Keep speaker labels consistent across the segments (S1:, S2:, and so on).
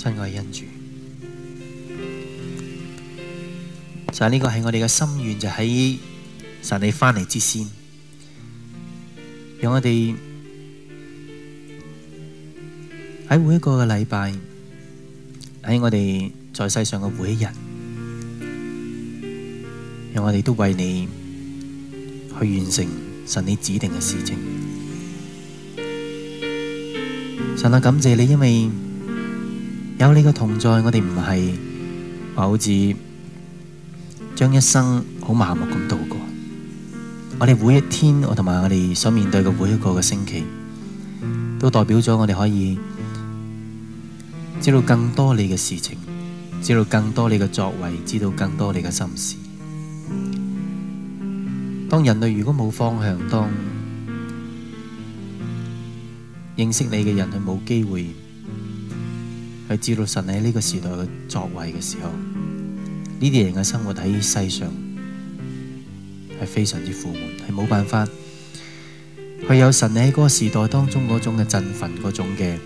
S1: 親愛恩主，就係呢個係我哋嘅心願，就喺、是、神你翻嚟之先，讓我哋喺每一個嘅禮拜，喺我哋在世上嘅每一日，讓我哋都為你去完成神你指定嘅事情。神啊，我感謝你，因為。有你嘅同在，我哋唔係話或者將一生好麻木咁度過。我哋每一天，我同埋我哋所面對嘅每一個嘅星期，都代表咗我哋可以知道更多你嘅事情，知道更多你嘅作為，知道更多你嘅心事。當人類如果冇方向，當認識你嘅人佢冇機會。係知道神喺呢個時代嘅作為嘅時候，呢啲人嘅生活喺世上係非常之苦悶，係冇辦法去有神喺嗰個時代當中嗰種嘅振奮，嗰種嘅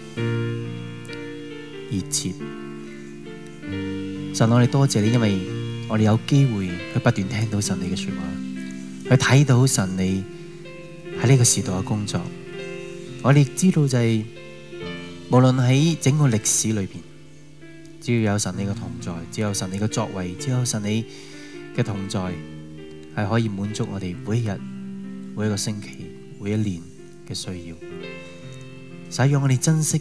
S1: 熱切。神，我哋多謝你，因為我哋有機會去不斷聽到神你嘅說話，去睇到神你喺呢個時代嘅工作。我哋知道就係、是。無論喺整個歷史裏邊，只要有神你嘅同在，只要有神你嘅作為，只要有神你嘅同在，係可以滿足我哋每一日、每一個星期、每一年嘅需要。使讓我哋珍惜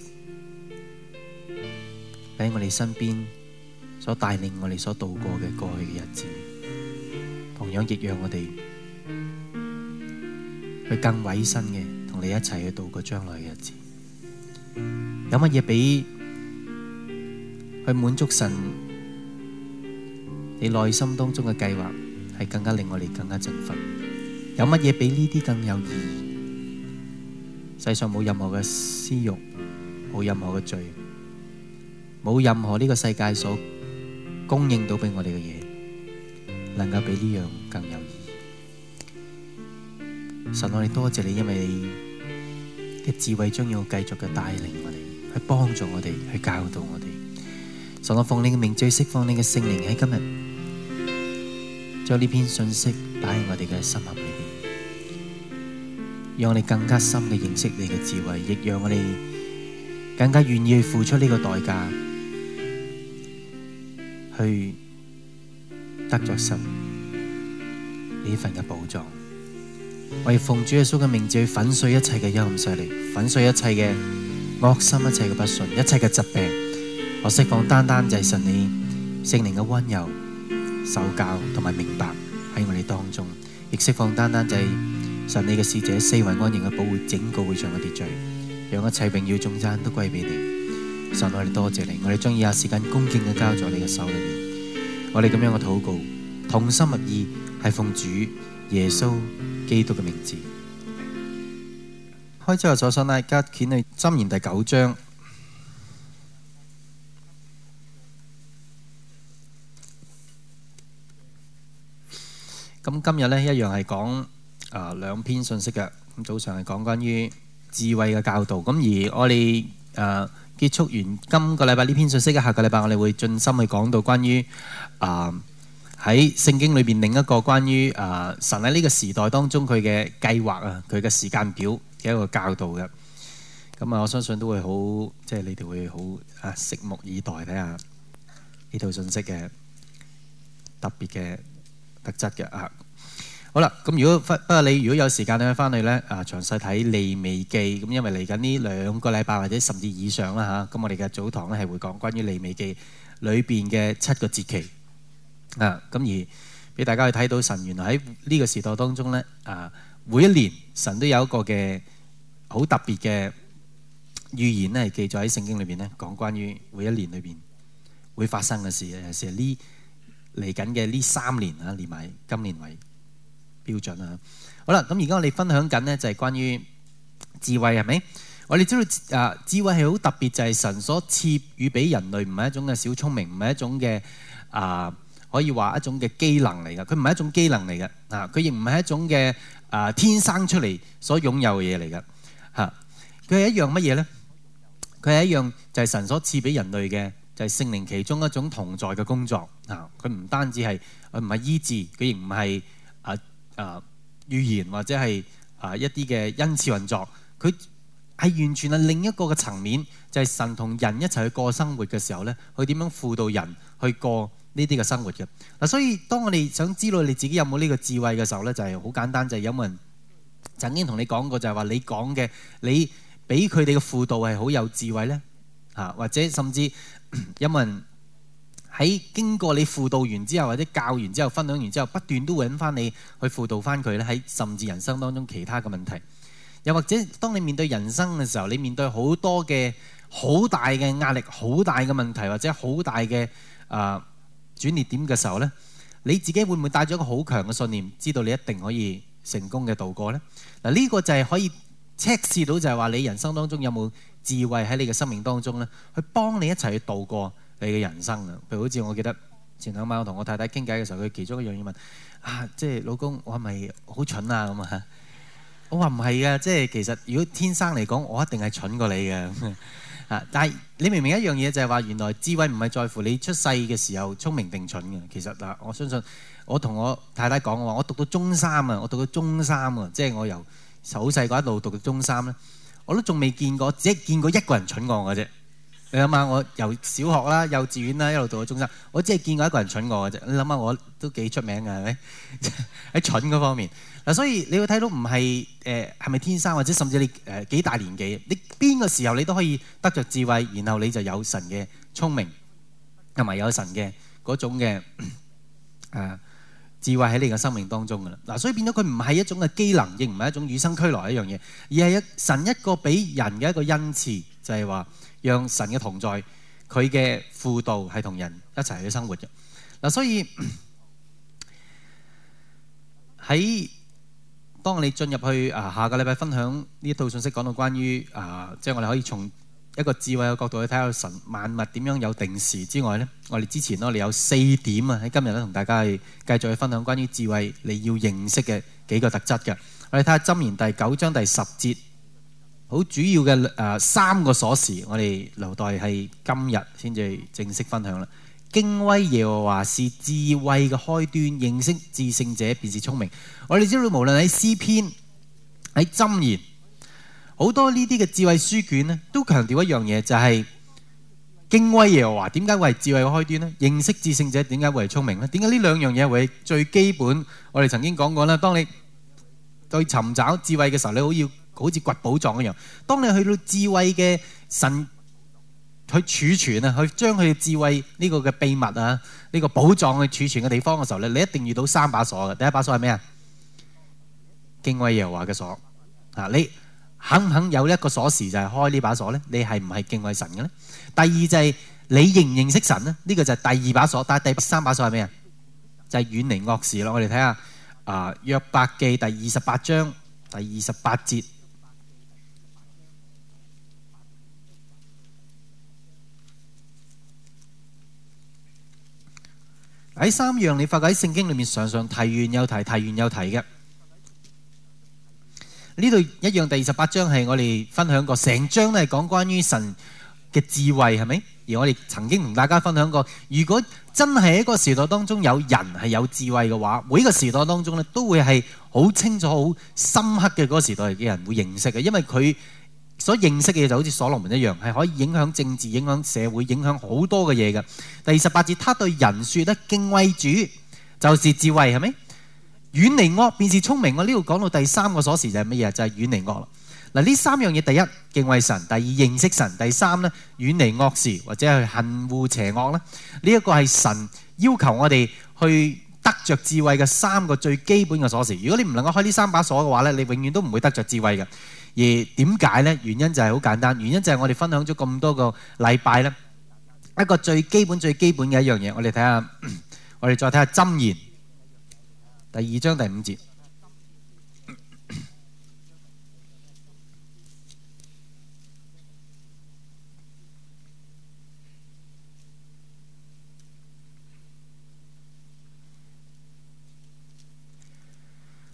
S1: 喺我哋身邊所帶領我哋所度過嘅過去嘅日子，同樣亦讓我哋去更委身嘅同你一齊去度過將來嘅日子。有乜嘢比去滿足神你內心當中嘅計劃係更加令我哋更加振奮？有乜嘢比呢啲更有意義？世上冇任何嘅私慾，冇任何嘅罪，冇任何呢個世界所供應到俾我哋嘅嘢，能夠比呢樣更有意義？神，我哋多謝你，因為你嘅智慧將要繼續嘅帶領。去幫助我哋，去教導我哋。所我奉你嘅名，最釋放你嘅聖靈喺今日，將呢篇信息擺喺我哋嘅心盒裏邊，讓我哋更加深嘅認識你嘅智慧，亦讓我哋更加願意付出呢個代價，去得咗神呢份嘅寶藏。我奉主耶穌嘅名字去粉碎一切嘅陰暗勢力，粉碎一切嘅。惡心一切嘅不順，一切嘅疾病，我釋放單單就係神你聖靈嘅溫柔、守教同埋明白喺我哋當中，亦釋放單單就係神你嘅使者四圍安然嘅保護整個會場嘅秩序，讓一切榮耀頌讚都歸俾你。神我哋多謝你，我哋將以下時間恭敬嘅交咗你嘅手裏面。我哋咁樣嘅禱告，同心合意係奉主耶穌基督嘅名字。開始之早上，大家揭去箴言第九章。咁今日咧，一樣係講啊兩篇信息嘅咁。早上係講關於智慧嘅教導咁，而我哋誒結束完今個禮拜呢篇信息嘅下個禮拜，我哋會盡心去講到關於啊。喺聖經裏邊，另一個關於啊神喺呢個時代當中佢嘅計劃啊，佢嘅時間表嘅一個教導嘅。咁啊，我相信都會好，即係你哋會好啊，拭目以待睇下呢套信息嘅特別嘅特質嘅啊。好啦，咁如果不不過你如果有時間咧，翻去咧啊，詳細睇利未記。咁因為嚟緊呢兩個禮拜或者甚至以上啦嚇，咁我哋嘅早堂咧係會講關於利未記裏邊嘅七個節期。啊，咁而俾大家去睇到神原來喺呢個時代當中咧，啊每一年神都有一個嘅好特別嘅預言咧，係記載喺聖經裏邊咧，講關於每一年裏邊會發生嘅事。其實呢嚟緊嘅呢三年啊，連埋今年為標準啦、啊。好啦，咁而家我哋分享緊呢，就係關於智慧係咪？我哋知道啊，智慧係好特別，就係、是、神所賜予俾人類唔係一種嘅小聰明，唔係一種嘅啊。可以話一種嘅機能嚟嘅，佢唔係一種機能嚟嘅啊。佢亦唔係一種嘅啊、呃、天生出嚟所擁有嘅嘢嚟嘅嚇。佢、啊、係一樣乜嘢咧？佢係一樣就係、是、神所賜俾人類嘅，就係聖靈其中一種同在嘅工作啊。佢唔單止係佢唔係醫治，佢亦唔係啊啊預言或者係啊一啲嘅恩賜運作，佢係完全係另一個嘅層面，就係、是、神同人一齊去過生活嘅時候咧，佢點樣輔導人去過呢啲嘅生活嘅嗱，所以當我哋想知道你自己有冇呢個智慧嘅時候咧，就係好簡單，就係有冇人曾經同你講過，就係話你講嘅，你俾佢哋嘅輔導係好有智慧咧，嚇，或者甚至有冇人喺經過你輔導完之後，或者教完之後、分享完之後，不斷都揾翻你去輔導翻佢咧，喺甚至人生當中其他嘅問題，又或者當你面對人生嘅時候，你面對好多嘅好大嘅壓力、好大嘅問題，或者好大嘅啊～、呃轉捩點嘅時候咧，你自己會唔會帶咗一個好強嘅信念，知道你一定可以成功嘅度過咧？嗱，呢個就係可以測試到，就係話你人生當中有冇智慧喺你嘅生命當中咧，去幫你一齊去渡過你嘅人生啊！譬如好似我記得前兩晚我同我太太傾偈嘅時候，佢其中一樣嘢問啊，即係老公，我係咪好蠢啊？咁啊，我話唔係啊，即係其實如果天生嚟講，我一定係蠢過你嘅。 啊！但係你明明一樣嘢就係話，原來智慧唔係在乎你出世嘅時候聰明定蠢嘅。其實嗱，我相信我同我太太講嘅話，我讀到中三啊，我讀到中三啊，即係我由好細個一路讀到中三咧，我都仲未見過，只係見過一個人蠢過我啫。你諗下，我由小學啦、幼稚園啦一路讀到中三，我只係見過一個人蠢過我啫。你諗下，我都幾出名㗎，係咪喺蠢嗰方面？嗱，所以你會睇到唔係誒係咪天生，或者甚至你誒、呃、幾大年紀，你邊個時候你都可以得着智慧，然後你就有神嘅聰明，同埋有神嘅嗰種嘅誒、呃、智慧喺你嘅生命當中噶啦。嗱，所以變咗佢唔係一種嘅機能，亦唔係一種與生俱來一樣嘢，而係一神一個俾人嘅一個恩賜，就係、是、話讓神嘅同在，佢嘅輔導係同人一齊去生活嘅。嗱、呃，所以喺當你進入去啊，下個禮拜分享呢一套信息，講到關於啊，即、呃、係、就是、我哋可以從一個智慧嘅角度去睇下神萬物點樣有定時之外咧，我哋之前我哋有四點啊，喺今日咧同大家係繼續去分享關於智慧你要認識嘅幾個特質嘅。我哋睇下《箴言》第九章第十節，好主要嘅誒、呃、三個鎖匙，我哋留待係今日先至正式分享啦。敬畏耶和華是智慧嘅開端，認識至聖者便是聰明。我哋知道無論喺詩篇、喺箴言，好多呢啲嘅智慧書卷咧，都強調一樣嘢，就是，就係敬畏耶和華。點解會係智慧嘅開端咧？認識至聖者點解會係聰明咧？點解呢兩樣嘢會最基本？我哋曾經講過啦，當你去尋找智慧嘅時候，你好要好似掘寶藏一樣。當你去到智慧嘅神。去儲存啊，去將佢智慧呢個嘅秘密啊，呢個寶藏去儲存嘅地方嘅時候咧，你一定遇到三把鎖嘅。第一把鎖係咩啊？敬畏耶和華嘅鎖。嗱，你肯唔肯有一個鎖匙就係開呢把鎖咧？你係唔係敬畏神嘅咧？第二就係你認唔認識神咧？呢個就係第二把鎖。但係第三把鎖係咩啊？就係遠離惡事咯。我哋睇下啊，約伯記第二十八章第二十八節。喺三樣你發覺喺聖經裏面常常提完又提，提完又提嘅。呢度一樣，第二十八章係我哋分享過，成章都係講關於神嘅智慧係咪？而我哋曾經同大家分享過，如果真係一個時代當中有人係有智慧嘅話，每一個時代當中咧都會係好清楚，好深刻嘅嗰個時代嘅人會認識嘅，因為佢。所以認識嘅嘢就好似所羅門一樣，係可以影響政治、影響社會、影響好多嘅嘢嘅。第二十八節，他對人説：得敬畏主，就是智慧，係咪？遠離惡，便是聰明。我呢度講到第三個鎖匙就係乜嘢？就係、是、遠離惡啦。嗱，呢三樣嘢，第一敬畏神，第二認識神，第三咧遠離惡事或者係恨惡邪惡咧。呢、這、一個係神要求我哋去得着智慧嘅三個最基本嘅鎖匙。如果你唔能夠開呢三把鎖嘅話咧，你永遠都唔會得着智慧嘅。而點解呢？原因就係好簡單，原因就係我哋分享咗咁多個禮拜啦，一個最基本最基本嘅一樣嘢，我哋睇下，我哋再睇下箴言第二章第五節。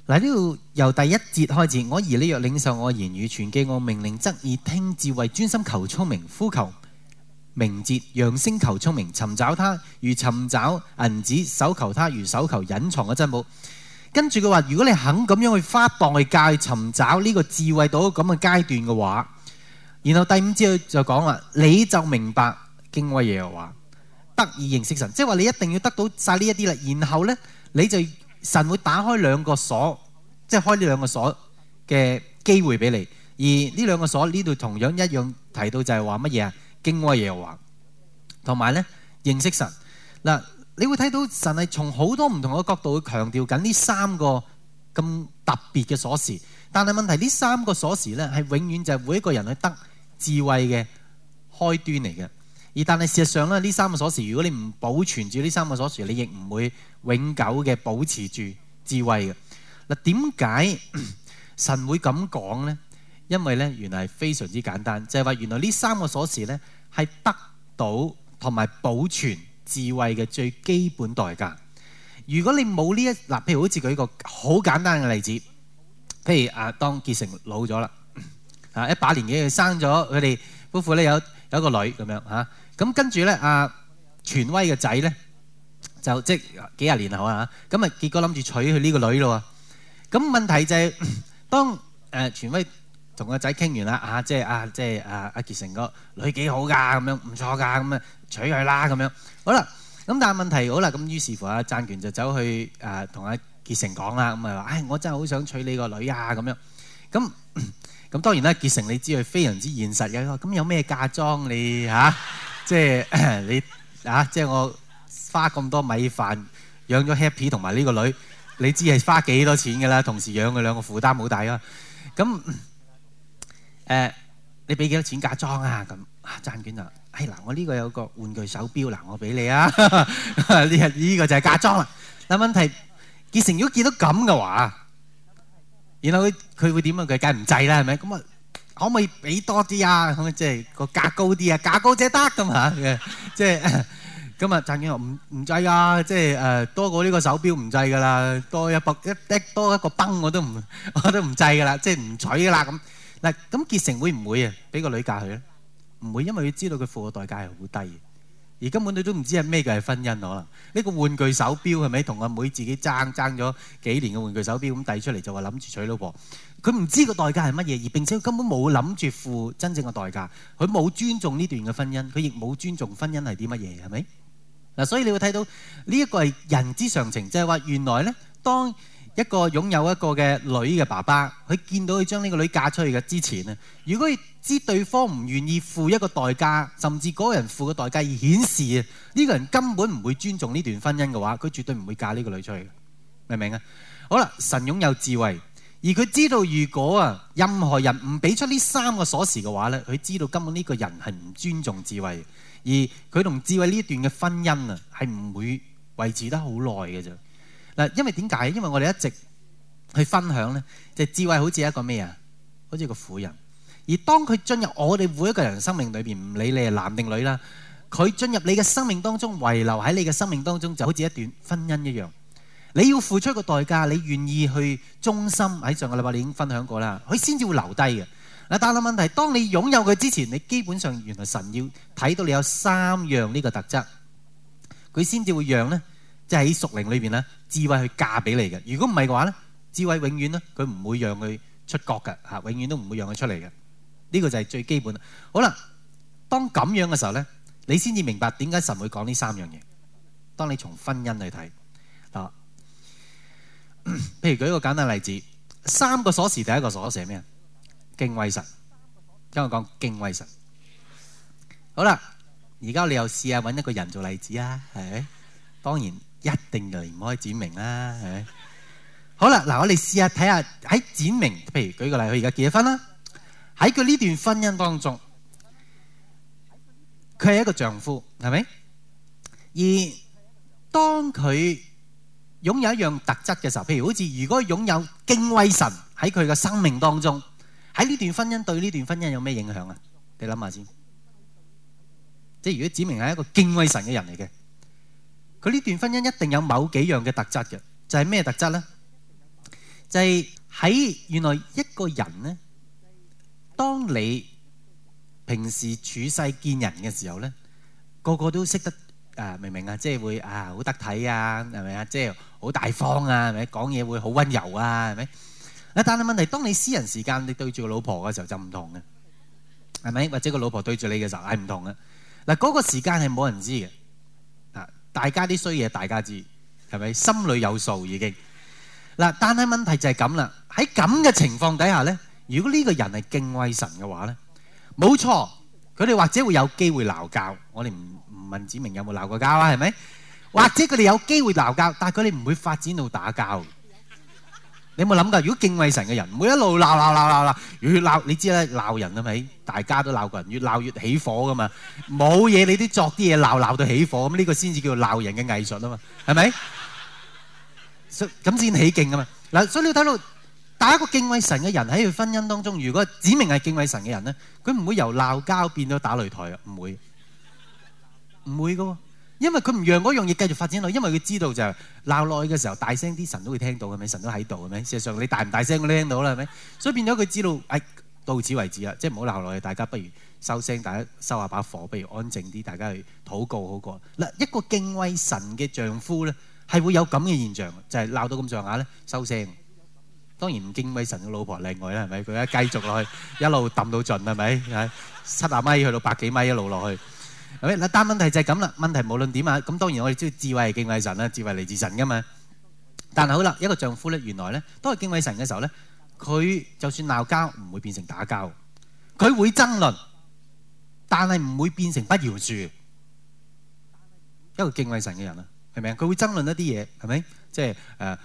S1: 嗱，呢度由第一節開始，我兒你若領受我言語，傳記、我命令，則以聽智慧，專心求聰明，呼求明哲揚聲求聰明，尋找他如尋找銀子，手求他如手求隱藏嘅珍寶。跟住佢話，如果你肯咁樣去花代價去尋找呢個智慧到咁嘅階段嘅話，然後第五節就講啦，你就明白敬畏耶和華，得以認識神，即係話你一定要得到晒呢一啲啦，然後呢，你就。神會打開兩個鎖，即係開呢兩個鎖嘅機會俾你。而呢兩個鎖呢度同樣一樣提到就係話乜嘢啊？敬畏耶和華，同埋咧認識神。嗱，你會睇到神係從好多唔同嘅角度去強調緊呢三個咁特別嘅鎖匙。但係問題呢三個鎖匙咧係永遠就係每一個人去得智慧嘅開端嚟嘅。但係事實上咧，呢三個鎖匙，如果你唔保存住呢三個鎖匙，你亦唔會永久嘅保持住智慧嘅。嗱，點解神會咁講咧？因為咧，原來係非常之簡單，就係話原來呢三個鎖匙咧係得到同埋保存智慧嘅最基本代價。如果你冇呢一，嗱，譬如好似舉一個好簡單嘅例子，譬如啊，當結成老咗啦，啊，一把年紀佢生咗，佢哋夫婦咧有有，一個女咁樣嚇。咁跟住咧，阿、啊、權威嘅仔咧，就即幾廿年後啊，咁、啊、咪結果諗住娶佢呢個女咯，咁、啊、問題就係、是，當誒權威同個仔傾完啦，啊，即係啊，即係啊，阿、啊、傑、啊啊、成個女幾好㗎，咁樣唔錯㗎，咁啊娶佢啦，咁樣好啦。咁但係問題好啦，咁於是乎阿、啊、贊權就走去誒同阿傑成講啦，咁啊，話唉、啊啊啊，我真係好想娶你個女啊，咁樣。咁、啊、咁、啊啊、當然啦，傑成你知佢非常之現實嘅，咁有咩嫁妝你嚇？啊即係你啊！即係我花咁多米飯養咗 Happy 同埋呢個女，你知係花幾多錢㗎啦？同時養佢兩個負擔好大咯。咁誒，你俾幾多錢嫁妝啊？咁啊，贊卷就係嗱，我呢個有個玩具手錶嗱，我俾你啊！呢個呢個就係嫁妝啦。但問題結成如果結到咁嘅話，然後佢佢會點啊？佢梗係唔制啦，係咪？咁啊！可唔可以俾多啲啊？可唔可以即係個價高啲啊？價高者得㗎嘛？即係咁啊，曾經話唔唔制啊！即係誒多過呢個手錶唔制㗎啦，多一百一一多一個泵我都唔我都唔制㗎啦，即係唔取㗎啦咁嗱。咁結成會唔會啊？俾個女嫁佢咧？唔會，因為佢知道佢付嘅代價係好低。而根本你都唔知係咩嘅，係婚姻，可能呢個玩具手錶係咪同阿妹自己爭爭咗幾年嘅玩具手錶，咁遞出嚟就話諗住娶老婆，佢唔知個代價係乜嘢，而並且佢根本冇諗住付真正嘅代價，佢冇尊重呢段嘅婚姻，佢亦冇尊重婚姻係啲乜嘢係咪？嗱，所以你會睇到呢一個係人之常情，就係話原來咧當。一個擁有一個嘅女嘅爸爸，佢見到佢將呢個女嫁出去嘅之前啊，如果佢知對方唔願意付一個代價，甚至嗰人付嘅代價以顯示呢個人根本唔會尊重呢段婚姻嘅話，佢絕對唔會嫁呢個女出去，明唔明啊？好啦，神擁有智慧，而佢知道如果啊任何人唔俾出呢三個鎖匙嘅話咧，佢知道根本呢個人係唔尊重智慧的，而佢同智慧呢一段嘅婚姻啊係唔會維持得好耐嘅啫。因為點解？因為我哋一直去分享呢，就智慧好似一個咩啊？好似個婦人。而當佢進入我哋每一個人生命裏邊，唔理你係男定女啦，佢進入你嘅生命當中，遺留喺你嘅生命當中，就好似一段婚姻一樣。你要付出個代價，你願意去忠心。喺上個禮拜你已經分享過啦，佢先至會留低嘅嗱。但係問題，當你擁有佢之前，你基本上原來神要睇到你有三樣呢個特質，佢先至會讓呢，即係喺屬靈裏邊呢。智慧去嫁俾你嘅，如果唔係嘅話咧，智慧永遠咧佢唔會讓佢出國嘅吓，永遠都唔會讓佢出嚟嘅。呢個就係最基本。好啦，當咁樣嘅時候咧，你先至明白點解神會講呢三樣嘢。當你從婚姻嚟睇啊，譬如舉一個簡單例子，三個鎖匙，第一個鎖匙係咩啊？敬畏神，聽我講敬畏神。好啦，而家你又試下搵一個人做例子啊？係，當然。一定就離唔開展明啦，係咪？好啦，嗱，我哋試下睇下喺展明，譬如舉個例，佢而家結咗婚啦。喺佢呢段婚姻當中，佢係一個丈夫，係咪？而當佢擁有一樣特質嘅時候，譬如好似如果擁有敬畏神喺佢嘅生命當中，喺呢段婚姻對呢段婚姻有咩影響啊？你諗下先。即係如果展明係一個敬畏神嘅人嚟嘅。佢呢段婚姻一定有某幾樣嘅特質嘅，就係咩特質咧？就係喺原來一個人咧，當你平時處世見人嘅時候咧，個個都識得誒，明唔明啊？即係會啊，好得體啊，係咪啊？即係好大方啊，係咪？講嘢會好溫柔啊，係咪？啊，但係問題，當你私人時間你對住個老婆嘅時候就唔同嘅，係咪？或者個老婆對住你嘅時候係唔同啊？嗱，嗰個時間係冇人知嘅。大家啲衰嘢大家知，係咪？心裏有數已經。嗱，但係問題就係咁啦。喺咁嘅情況底下咧，如果呢個人係敬畏神嘅話咧，冇錯，佢哋或者會有機會鬧交。我哋唔唔問子明有冇鬧過交啊？係咪？或者佢哋有機會鬧交，但係佢哋唔會發展到打交。你有冇諗過，如果敬畏神嘅人唔會一路鬧鬧鬧鬧鬧，越鬧你知啦，鬧人嘅咪，大家都鬧過人，越鬧越起火噶嘛，冇嘢你都作啲嘢鬧，鬧到起火，咁呢個先至叫做鬧人嘅藝術啊嘛，係咪？咁先起勁啊嘛，嗱，所以你睇到打一個敬畏神嘅人喺佢婚姻當中，如果指明係敬畏神嘅人咧，佢唔會由鬧交變到打擂台啊，唔會，唔會嘅喎。因為佢唔讓嗰樣嘢繼續發展落去，因為佢知道就係鬧落去嘅時候大聲啲，神都會聽到嘅咩？神都喺度嘅咩？事實上你大唔大聲都聽到啦，係咪？所以變咗佢知道，哎，到此為止啦，即係唔好鬧落去，大家不如收聲，大家收下把火，不如安靜啲，大家去禱告好過。嗱，一個敬畏神嘅丈夫咧，係會有咁嘅現象，就係鬧到咁上下咧收聲。當然唔敬畏神嘅老婆另外啦，係咪佢一繼續落去一路揼到盡係咪？七十米去到百幾米一路落去。係咪？嗱，但問題就係咁啦。問題無論點啊，咁當然我哋知道智慧係敬畏神啦，智慧嚟自神噶嘛。但係好啦，一個丈夫咧，原來咧都係敬畏神嘅時候咧，佢就算鬧交唔會變成打交，佢會爭論，但係唔會變成不饒恕。一個敬畏神嘅人啊，係咪啊？佢會爭論一啲嘢，係咪？即係誒，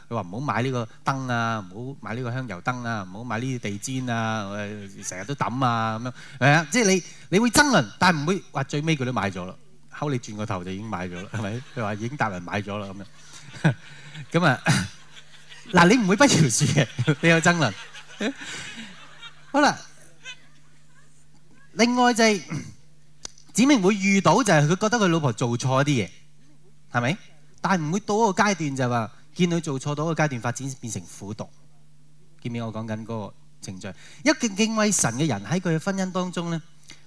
S1: 佢話唔好買呢個燈啊，唔好買呢個香油燈啊，唔好買呢啲地氈啊，成日都抌啊咁樣係啊！即係你，你會爭論，但係唔會話最尾佢都買咗啦。後你轉個頭就已經買咗啦，係咪？佢話已經達人買咗啦咁樣。咁啊，嗱你唔會不條柱嘅，你有爭論。好啦，另外就係指明會遇到就係佢覺得佢老婆做錯啲嘢，係咪？但係唔會到一個階段就係話見佢做錯到一個階段發展變成苦毒，見唔見我講緊嗰個程序？一個敬畏神嘅人喺佢嘅婚姻當中咧，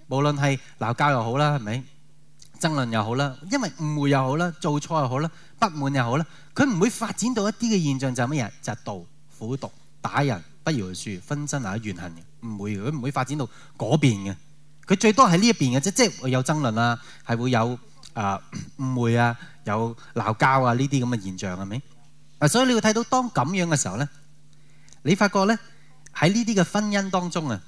S1: 無論係鬧交又好啦，係咪？爭論又好啦，因為誤會又好啦，做錯又好啦，不滿又好啦，佢唔會發展到一啲嘅現象就係乜嘢？就係妒、苦毒、打人、不饒恕、分心啊、怨恨嘅，唔會佢唔會發展到嗰邊嘅，佢最多喺呢一邊嘅啫，即係會有爭論啦，係會有。啊，誤會啊，有鬧交啊，呢啲咁嘅現象係咪？啊，所以你會睇到當咁樣嘅時候咧，你發覺咧喺呢啲嘅婚姻當中啊，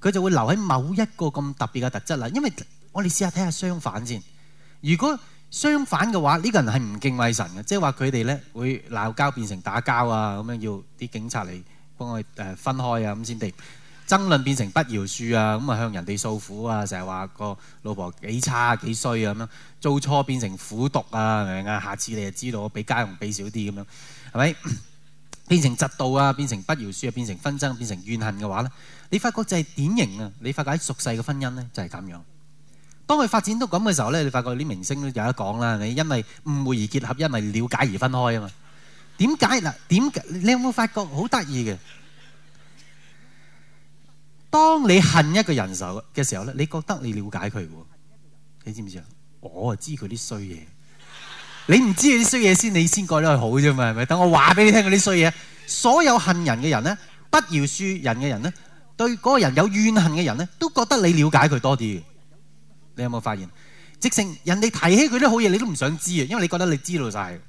S1: 佢就會留喺某一個咁特別嘅特質啦。因為我哋試下睇下相反先。如果相反嘅話，呢個人係唔敬畏神嘅，即係話佢哋咧會鬧交變成打交啊，咁樣要啲警察嚟幫佢哋分開啊，咁先得。爭論變成不饒恕啊，咁啊向人哋訴苦啊，成日話個老婆幾差幾衰啊，咁樣，做錯變成苦毒啊，係咪啊？下次你就知道，俾家用俾少啲咁樣，係咪變成嫉妒啊？變成不饒恕啊？變成紛爭，變成，變成怨恨嘅話咧，你發覺就係典型啊！你發覺喺俗世嘅婚姻咧就係咁樣。當佢發展到咁嘅時候咧，你發覺啲明星都有得講啦，你因為誤會而結合，因為了解而分開啊嘛。點解嗱？點你有冇發覺好得意嘅？當你恨一個人手嘅時候咧，你覺得你了解佢喎，你知唔知啊？我啊知佢啲衰嘢，你唔知佢啲衰嘢先，你先覺得佢好啫嘛，係咪？等我話俾你聽嗰啲衰嘢。所有恨人嘅人咧，不饒恕人嘅人咧，對嗰個人有怨恨嘅人咧，都覺得你了解佢多啲，你有冇發現？直情人哋提起佢啲好嘢，你都唔想知啊，因為你覺得你知道晒，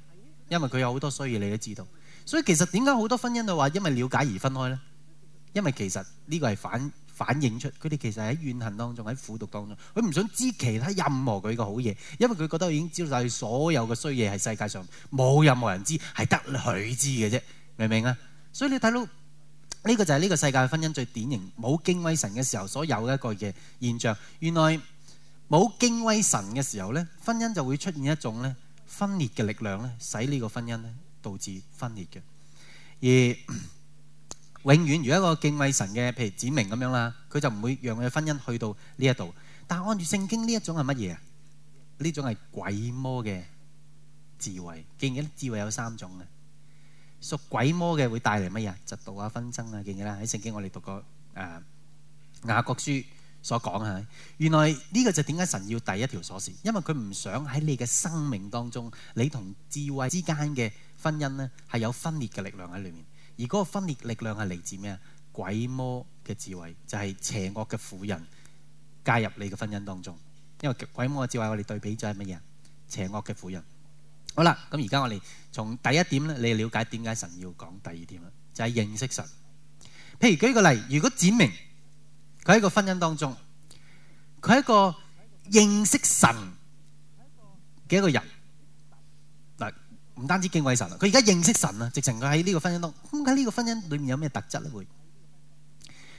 S1: 因為佢有好多衰嘢你都知道。所以其實點解好多婚姻都話因為了解而分開咧？因為其實呢個係反反映出佢哋其實喺怨恨當中，喺苦毒當中，佢唔想知其他任何佢嘅好嘢，因為佢覺得已經招曬所有嘅衰嘢，喺世界上冇任何人知，係得佢知嘅啫，明唔明啊？所以你睇到呢個就係呢個世界婚姻最典型冇敬畏神嘅時候，所有一個嘅現象。原來冇敬畏神嘅時候呢，婚姻就會出現一種呢分裂嘅力量呢，使呢個婚姻呢導致分裂嘅，而。永遠，如果一個敬畏神嘅，譬如子明咁樣啦，佢就唔會讓佢嘅婚姻去到呢一度。但係按住聖經呢一種係乜嘢啊？呢種係鬼魔嘅智慧。記唔記得智慧有三種啊？屬鬼魔嘅會帶嚟乜嘢？嫉妒啊、紛爭啊，記唔記得喺聖經我哋讀過誒雅各書所講啊？原來呢、呢個就點解神要第一條鎖匙？因為佢唔想喺你嘅生命當中，你同智慧之間嘅婚姻呢，係有分裂嘅力量喺裡面。而嗰個分裂力量係嚟自咩啊？鬼魔嘅智慧就係邪惡嘅婦人介入你嘅婚姻當中。因為鬼魔嘅智慧，我哋對比咗係乜嘢？邪惡嘅婦人。好啦，咁而家我哋從第一點咧，你了解點解神要講第二點啦？就係認識神。譬如舉個例，如果展明佢喺個婚姻當中，佢係一個認識神嘅一個人。唔單止敬畏神啦，佢而家認識神啊，直情佢喺呢個婚姻當，咁喺呢個婚姻裏面有咩特質咧？會，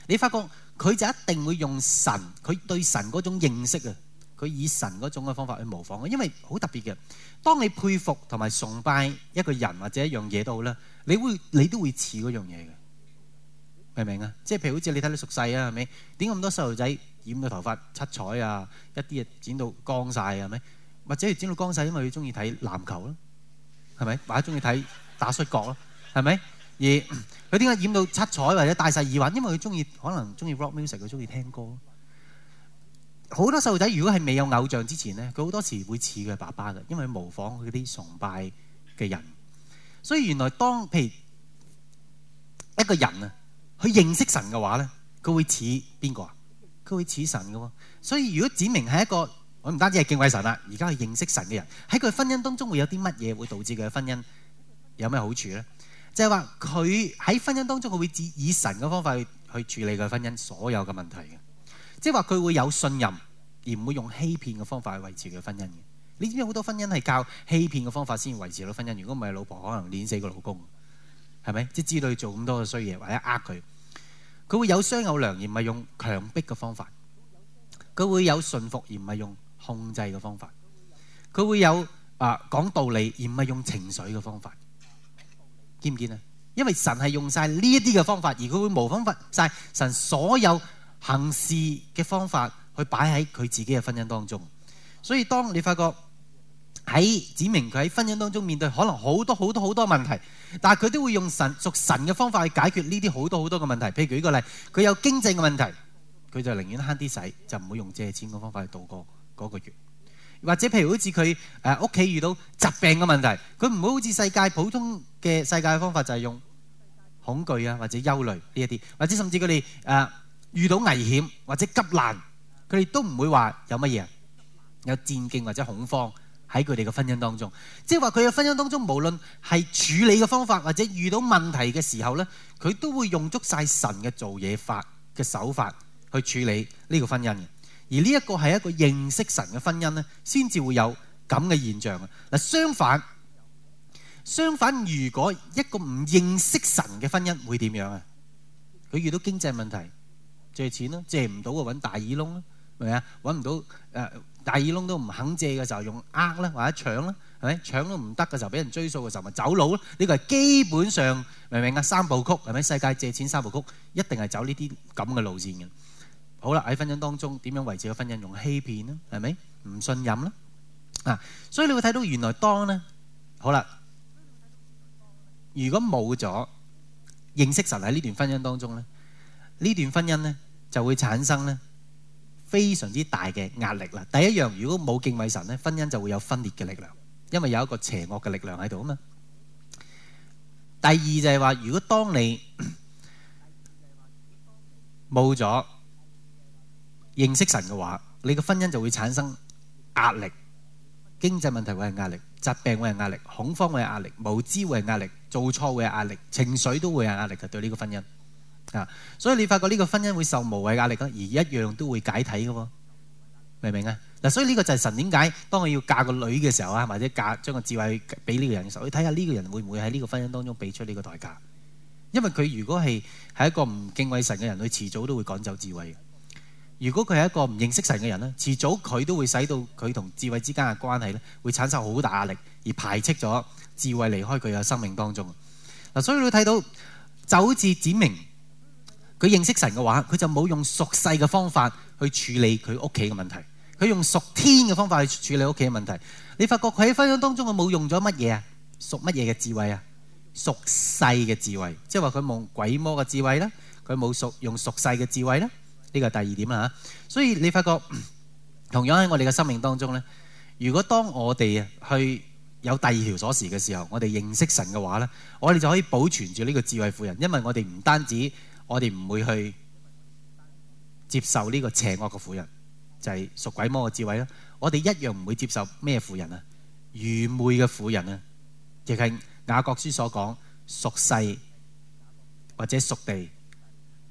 S1: 你發覺佢就一定會用神，佢對神嗰種認識啊，佢以神嗰種嘅方法去模仿，因為好特別嘅。當你佩服同埋崇拜一個人或者一樣嘢都好啦，你會你都會似嗰樣嘢嘅，明唔明啊？即係譬如好似你睇你熟世啊，係咪？點解咁多細路仔染到頭髮七彩啊？一啲嘢剪到光曬，係咪？或者剪到光晒，因為佢中意睇籃球咯。係咪？或者中意睇打摔角咯？係咪？而佢點解染到七彩或者戴曬耳環？因為佢中意，可能中意 rock music，佢中意聽歌。好多細路仔如果係未有偶像之前咧，佢好多時會似佢爸爸嘅，因為佢模仿佢啲崇拜嘅人。所以原來當譬如一個人啊，佢認識神嘅話咧，佢會似邊個啊？佢會似神嘅喎。所以如果指明係一個。我唔單止係敬畏神啦，而家係認識神嘅人喺佢婚姻當中會有啲乜嘢會導致佢嘅婚姻有咩好處咧？就係話佢喺婚姻當中佢會以神嘅方法去去處理佢婚姻所有嘅問題嘅，即係話佢會有信任而唔會用欺騙嘅方法去維持佢婚姻嘅。你知唔知好多婚姻係靠欺騙嘅方法先維持到婚姻？如果唔係，老婆可能攆死個老公，係咪？即知道佢做咁多嘅衰嘢或者呃佢，佢會有商有量而唔係用強逼嘅方法，佢會有順服而唔係用。控制嘅方法，佢會有啊講道理而唔係用情緒嘅方法，見唔見啊？因為神係用晒呢一啲嘅方法，而佢會模仿晒神所有行事嘅方法去擺喺佢自己嘅婚姻當中。所以當你發覺喺指明佢喺婚姻當中面對可能好多好多好多問題，但係佢都會用神屬神嘅方法去解決呢啲好多好多嘅問題。譬如舉個例，佢有經濟嘅問題，佢就寧願慳啲使，就唔會用借錢嘅方法去度過。嗰個月，或者譬如好似佢誒屋企遇到疾病嘅問題，佢唔會好似世界普通嘅世界嘅方法，就係用恐懼啊，或者憂慮呢一啲，或者甚至佢哋誒遇到危險或者急難，佢哋都唔會話有乜嘢，有戰驚或者恐慌喺佢哋嘅婚姻當中。即係話佢嘅婚姻當中，無論係處理嘅方法或者遇到問題嘅時候咧，佢都會用足晒神嘅做嘢法嘅手法去處理呢個婚姻嘅。而呢一個係一個認識神嘅婚姻咧，先至會有咁嘅現象啊！嗱，相反，相反，如果一個唔認識神嘅婚姻會點樣啊？佢遇到經濟問題，借錢咯，借唔到啊，揾大耳窿咯，明唔明啊？揾唔到誒大耳窿都唔肯借嘅時候，用呃啦，或者搶啦，係咪？搶都唔得嘅時候，俾人追數嘅時候咪走佬咯？呢個係基本上明唔明啊？三部曲係咪世界借錢三部曲，一定係走呢啲咁嘅路線嘅。好啦，喺婚姻當中點樣維持個婚姻？用欺騙啦，係咪？唔信任啦，嗱，所以你會睇到原來當咧，好啦，如果冇咗認識神喺呢段婚姻當中咧，呢段婚姻咧就會產生咧非常之大嘅壓力啦。第一樣，如果冇敬畏神咧，婚姻就會有分裂嘅力量，因為有一個邪惡嘅力量喺度啊嘛。第二就係話，如果當你冇咗，認識神嘅話，你嘅婚姻就會產生壓力，經濟問題會係壓力，疾病會係壓力，恐慌會係壓力，無知會係壓力，做錯會係壓力，情緒都會係壓力嘅對呢個婚姻啊！所以你發覺呢個婚姻會受無謂壓力而一樣都會解體㗎喎，啊，明唔明啊？嗱，所以呢個就係神點解當我要嫁個女嘅時候啊，或者嫁將個智慧俾呢個人嘅時候，你睇下呢個人會唔會喺呢個婚姻當中俾出呢個代價，因為佢如果係係一個唔敬畏神嘅人，佢遲早都會趕走智慧嘅。如果佢係一個唔認識神嘅人咧，遲早佢都會使到佢同智慧之間嘅關係咧，會產生好大壓力，而排斥咗智慧離開佢嘅生命當中。嗱，所以你睇到就好似展明，佢認識神嘅話，佢就冇用屬世嘅方法去處理佢屋企嘅問題，佢用屬天嘅方法去處理屋企嘅問題。你發覺佢喺婚姻當中，佢冇用咗乜嘢啊？屬乜嘢嘅智慧啊？屬世嘅智慧，即係話佢冇鬼魔嘅智慧咧，佢冇屬用屬世嘅智慧咧。呢個第二點啊，所以你發覺同樣喺我哋嘅生命當中呢，如果當我哋去有第二條鎖匙嘅時候，我哋認識神嘅話呢，我哋就可以保存住呢個智慧婦人，因為我哋唔單止我哋唔會去接受呢個邪惡嘅婦人，就係、是、屬鬼魔嘅智慧啦，我哋一樣唔會接受咩婦人啊，愚昧嘅婦人啊，亦係雅各書所講屬世或者屬地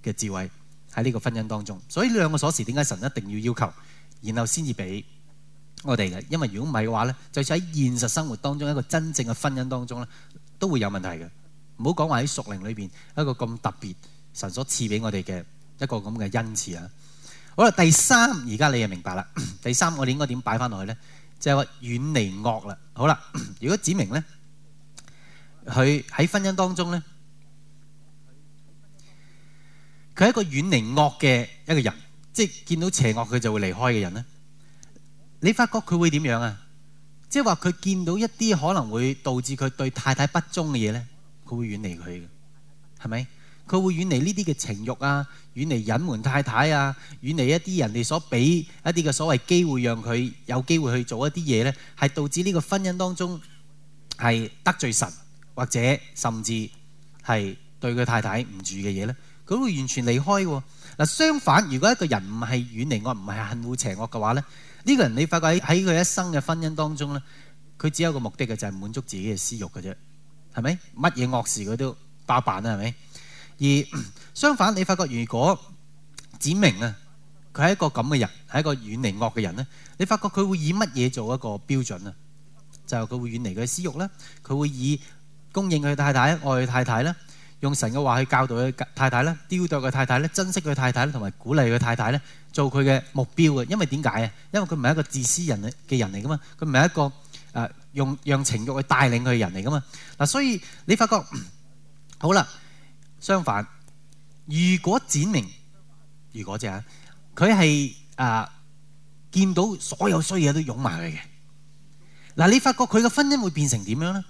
S1: 嘅智慧。喺呢個婚姻當中，所以呢兩個鎖匙點解神一定要要求，然後先至俾我哋嘅？因為如果唔係嘅話咧，就算喺現實生活當中一個真正嘅婚姻當中咧，都會有問題嘅。唔好講話喺屬靈裏邊一個咁特別神所賜俾我哋嘅一個咁嘅恩賜啊！好啦，第三，而家你就明白啦。第三，我哋應該點擺翻落去咧？就係話遠離惡啦。好啦，如果指明咧，佢喺婚姻當中咧。佢係一個遠離惡嘅一個人，即係見到邪惡佢就會離開嘅人咧。你發覺佢會點樣啊？即係話佢見到一啲可能會導致佢對太太不忠嘅嘢咧，佢會遠離佢嘅係咪？佢會遠離呢啲嘅情欲啊，遠離隱瞞太太啊，遠離一啲人哋所俾一啲嘅所謂機會，讓佢有機會去做一啲嘢咧，係導致呢個婚姻當中係得罪神，或者甚至係對佢太太唔住嘅嘢咧。佢會完全離開㗎。嗱，相反，如果一個人唔係遠離惡，唔係恨惡邪惡嘅話咧，呢、這個人你發覺喺佢一生嘅婚姻當中咧，佢只有個目的嘅就係、是、滿足自己嘅私欲嘅啫，係咪？乜嘢惡事佢都包辦啦，係咪？而相反，你發覺如果展明啊，佢係一個咁嘅人，係一個遠離惡嘅人咧，你發覺佢會以乜嘢做一個標準啊？就係、是、佢會遠離佢嘅私欲咧，佢會以供應佢太太，愛佢太太咧。用神嘅話去教導佢太太啦，雕待佢太太咧，珍惜佢太太咧，同埋鼓勵佢太太咧，做佢嘅目標嘅。因為點解啊？因為佢唔係一個自私人嘅人嚟噶嘛，佢唔係一個誒、呃、用讓情欲去帶領佢嘅人嚟噶嘛。嗱、呃，所以你發覺好啦，相反，如果展明，如果啫，佢係誒見到所有衰嘢都擁埋佢嘅。嗱、呃，你發覺佢嘅婚姻會變成點樣咧？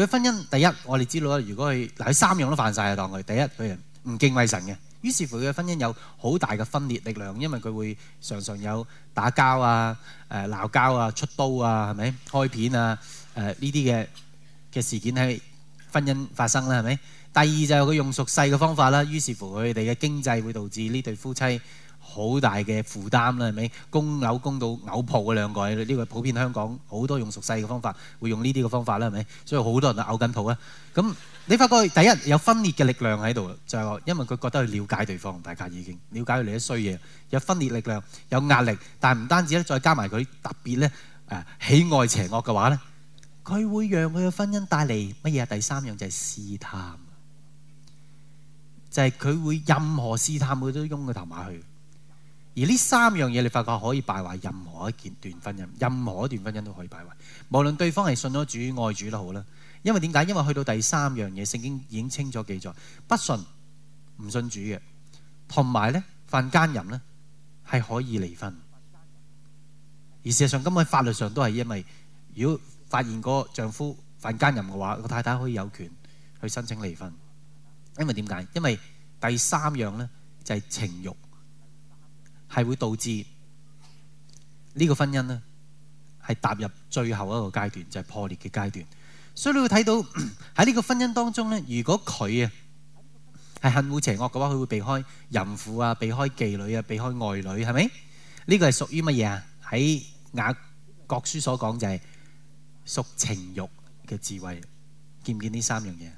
S1: 佢婚姻第一，我哋知道啦。如果佢嗱，三樣都犯晒，啊，當佢第一，佢唔敬畏神嘅。於是乎，佢嘅婚姻有好大嘅分裂力量，因為佢會常常有打交啊、誒鬧交啊、出刀啊，係咪開片啊、誒呢啲嘅嘅事件喺婚姻發生啦，係咪？第二就係佢用俗世嘅方法啦。於是乎，佢哋嘅經濟會導致呢對夫妻，好大嘅負擔啦，係咪？供樓供到嘔泡嗰兩個，呢、這個普遍香港好多用熟悉嘅方法，會用呢啲嘅方法啦，係咪？所以好多人都嘔緊泡啊！咁你發覺，第一有分裂嘅力量喺度，就係因為佢覺得去了解對方，大家已經了解佢哋啲衰嘢，有分裂力量，有壓力，但係唔單止咧，再加埋佢特別咧，誒喜愛邪惡嘅話咧，佢會讓佢嘅婚姻帶嚟乜嘢？第三樣就係試探，就係、是、佢會任何試探，佢都揼佢頭埋去。而呢三樣嘢，你發覺可以敗壞任何一件段婚姻，任何一段婚姻都可以敗壞。無論對方係信咗主、愛主都好啦。因為點解？因為去到第三樣嘢，聖經已經清楚記載，不信、唔信主嘅，同埋咧犯奸淫咧，係可以離婚。而事實上，今日法律上都係因為，如果發現個丈夫犯奸淫嘅話，個太太可以有權去申請離婚。因為點解？因為第三樣咧就係、是、情慾。係會導致呢個婚姻呢，係踏入最後一個階段，就係破裂嘅階段。所以你會睇到喺呢個婚姻當中呢，如果佢啊係恨惡邪惡嘅話，佢會避開淫婦啊，避開妓女啊，避開外女係咪？呢個係屬於乜嘢啊？喺雅各書所講就係屬情欲嘅智慧，見唔見呢三樣嘢？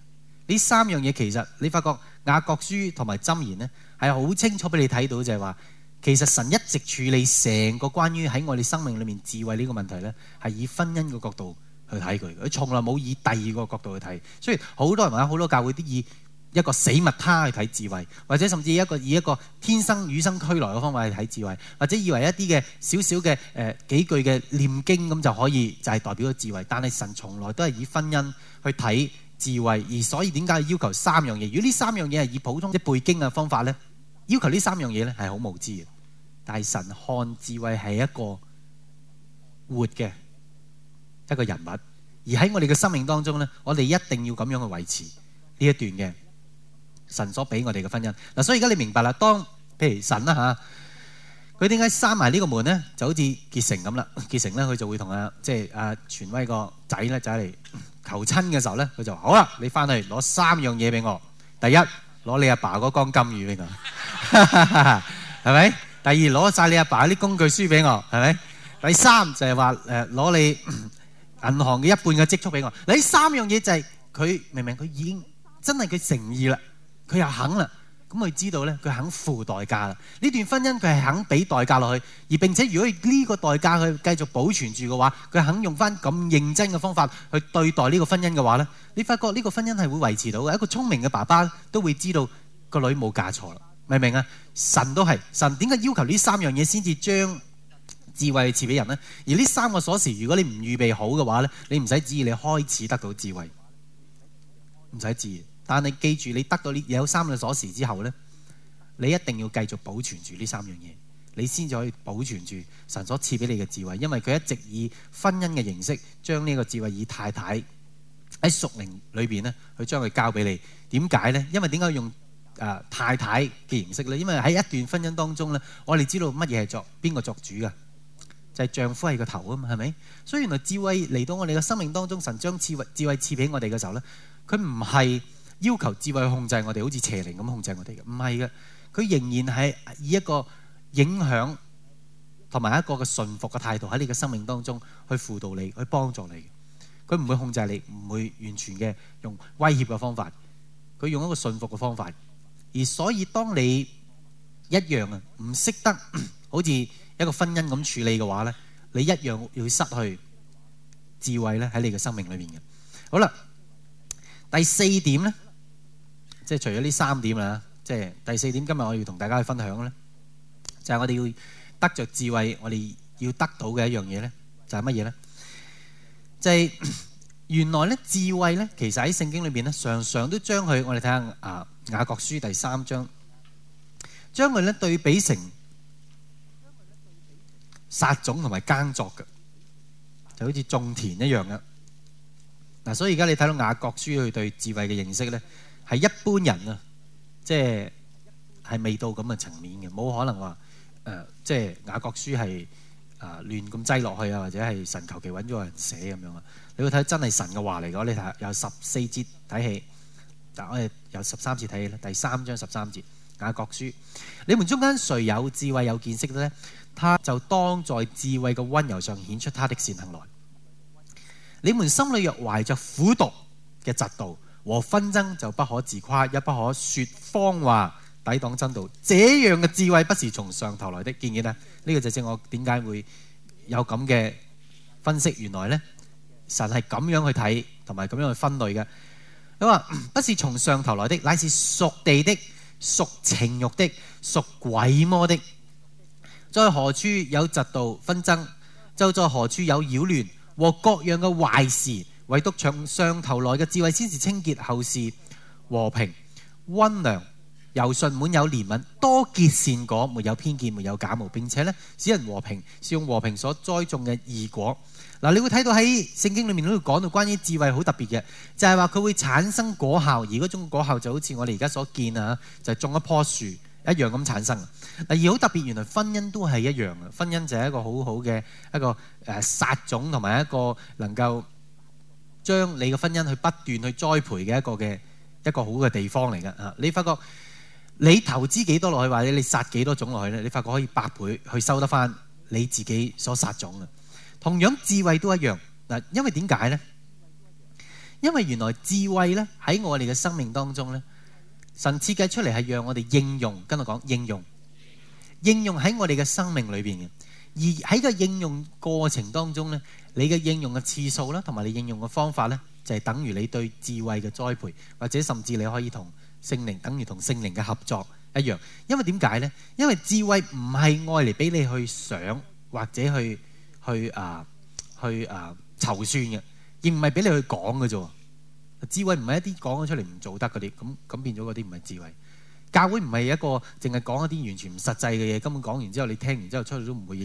S1: 呢三樣嘢其實你發覺雅各書同埋箴言呢，係好清楚俾你睇到，就係話。其實神一直處理成個關於喺我哋生命裏面智慧呢個問題呢，係以婚姻嘅角度去睇佢，佢從來冇以第二個角度去睇。所以好多人話好多教會都以一個死物他去睇智慧，或者甚至以一個以一個天生與生俱來嘅方法去睇智慧，或者以為一啲嘅少少嘅誒幾句嘅念經咁就可以就係代表咗智慧。但係神從來都係以婚姻去睇智慧，而所以點解要求三樣嘢？如果呢三樣嘢係以普通嘅背經嘅方法呢。要求呢三樣嘢咧，係好無知嘅。但係神看智慧係一個活嘅一個人物，而喺我哋嘅生命當中咧，我哋一定要咁樣去維持呢一段嘅神所俾我哋嘅婚姻。嗱、啊，所以而家你明白啦。當譬如神啦、啊、吓，佢點解閂埋呢個門咧？就好似結成咁啦，結成咧佢就會同阿即係阿權威個仔咧仔嚟求親嘅時候咧，佢就話好啦。你翻去攞三樣嘢俾我，第一。攞你阿爸嗰缸金魚俾我， 係咪？第二，攞晒你阿爸啲工具書俾我，係咪？第三就係話攞你銀行嘅一半嘅積蓄俾我。你三樣嘢就係、係、佢明明佢已經真係佢誠意啦，佢又肯啦。咁佢知道咧，佢肯付代價啦。呢段婚姻佢係肯俾代價落去，而並且如果呢個代價佢繼續保存住嘅話，佢肯用翻咁認真嘅方法去對待呢個婚姻嘅話咧，你發覺呢個婚姻係會維持到嘅。一個聰明嘅爸爸都會知道個女冇嫁錯啦，明唔明啊？神都係神，點解要求呢三樣嘢先至將智慧賜俾人呢？而呢三個鎖匙，如果你唔預備好嘅話咧，你唔使指意你開始得到智慧，唔使指意。但你記住，你得到呢有三個鎖匙之後呢，你一定要繼續保存住呢三樣嘢，你先至可以保存住神所賜俾你嘅智慧。因為佢一直以婚姻嘅形式將呢個智慧以太太喺屬靈裏邊呢去將佢交俾你。點解呢？因為點解用誒、呃、太太嘅形式呢？因為喺一段婚姻當中呢，我哋知道乜嘢係作邊個作主噶，就係、是、丈夫係個頭啊嘛，係咪？所以原來智慧嚟到我哋嘅生命當中，神將智慧智慧賜俾我哋嘅時候呢，佢唔係。要求智慧去控制我哋，好似邪靈咁控制我哋嘅，唔係嘅，佢仍然係以一個影響同埋一個嘅順服嘅態度喺你嘅生命當中去輔導你，去幫助你。佢唔會控制你，唔會完全嘅用威脅嘅方法，佢用一個順服嘅方法。而所以當你一樣啊，唔識得好似一個婚姻咁處理嘅話咧，你一樣會失去智慧咧喺你嘅生命裏面嘅。好啦，第四點咧。即係除咗呢三點啦，即係第四點。今日我要同大家去分享咧，就係我哋要得著智慧，我哋要得到嘅一樣嘢咧，就係乜嘢咧？就係原來咧，智慧咧，其實喺聖經裏邊咧，常常都將佢，我哋睇下啊，雅各書第三章，將佢咧對比成撒種同埋耕作嘅，就好似種田一樣嘅嗱。所以而家你睇到雅各書去對智慧嘅認識咧。係一般人啊，即係係未到咁嘅層面嘅，冇可能話誒，即、呃、係、就是、雅各書係誒亂咁擠落去啊，或者係神求其揾咗個人寫咁樣啊！你會睇真係神嘅話嚟講，你睇下，有十四節睇起，但我哋有十三節睇起咧，第三章十三節，雅各書，你們中間誰有智慧有見識嘅咧？他就當在智慧嘅溫柔上顯出他的善行來。你們心裏若懷着苦毒嘅嫉妒，和紛爭就不可自誇，也不可説謊話抵擋真道。這樣嘅智慧不是從上頭來的，見唔見呢？呢、這個就係我點解會有咁嘅分析，原來呢，神係咁樣去睇同埋咁樣去分類嘅。佢話：不是從上頭來的，乃是屬地的、屬情欲的、屬鬼魔的。在何處有嫉妒紛爭，就在何處有擾亂和各樣嘅壞事。唯獨從上頭來嘅智慧，先是清潔，後是和平、温良、柔順、滿有憐憫、多結善果，沒有偏見，沒有假冒，並且呢，使人和平，是用和平所栽種嘅義果。嗱，你會睇到喺聖經裏面都會講到關於智慧好特別嘅，就係話佢會產生果效，而嗰種果效就好似我哋而家所見啊，就是、種一棵樹一樣咁產生。嗱，而好特別，原來婚姻都係一樣嘅，婚姻就係一個好好嘅一個誒撒、呃、種，同埋一個能夠。將你嘅婚姻去不斷去栽培嘅一個嘅一個好嘅地方嚟㗎吓！你發覺你投資幾多落去，或者你撒幾多種落去咧，你發覺可以百倍去收得返你自己所撒種嘅。同樣智慧都一樣嗱，因為點解咧？因為原來智慧咧喺我哋嘅生命當中咧，神設計出嚟係讓我哋應用，跟我講應用，應用喺我哋嘅生命裏邊嘅。而喺個應用過程當中咧，你嘅應用嘅次數啦，同埋你應用嘅方法咧，就係等於你對智慧嘅栽培，或者甚至你可以同聖靈等於同聖靈嘅合作一樣。因為點解咧？因為智慧唔係愛嚟俾你去想或者去去啊去啊籌、啊、算嘅，而唔係俾你去講嘅啫。智慧唔係一啲講咗出嚟唔做得嗰啲，咁咁變咗嗰啲唔係智慧。教會唔係一個淨係講一啲完全唔實際嘅嘢，根本講完之後，你聽完之後出嚟都唔會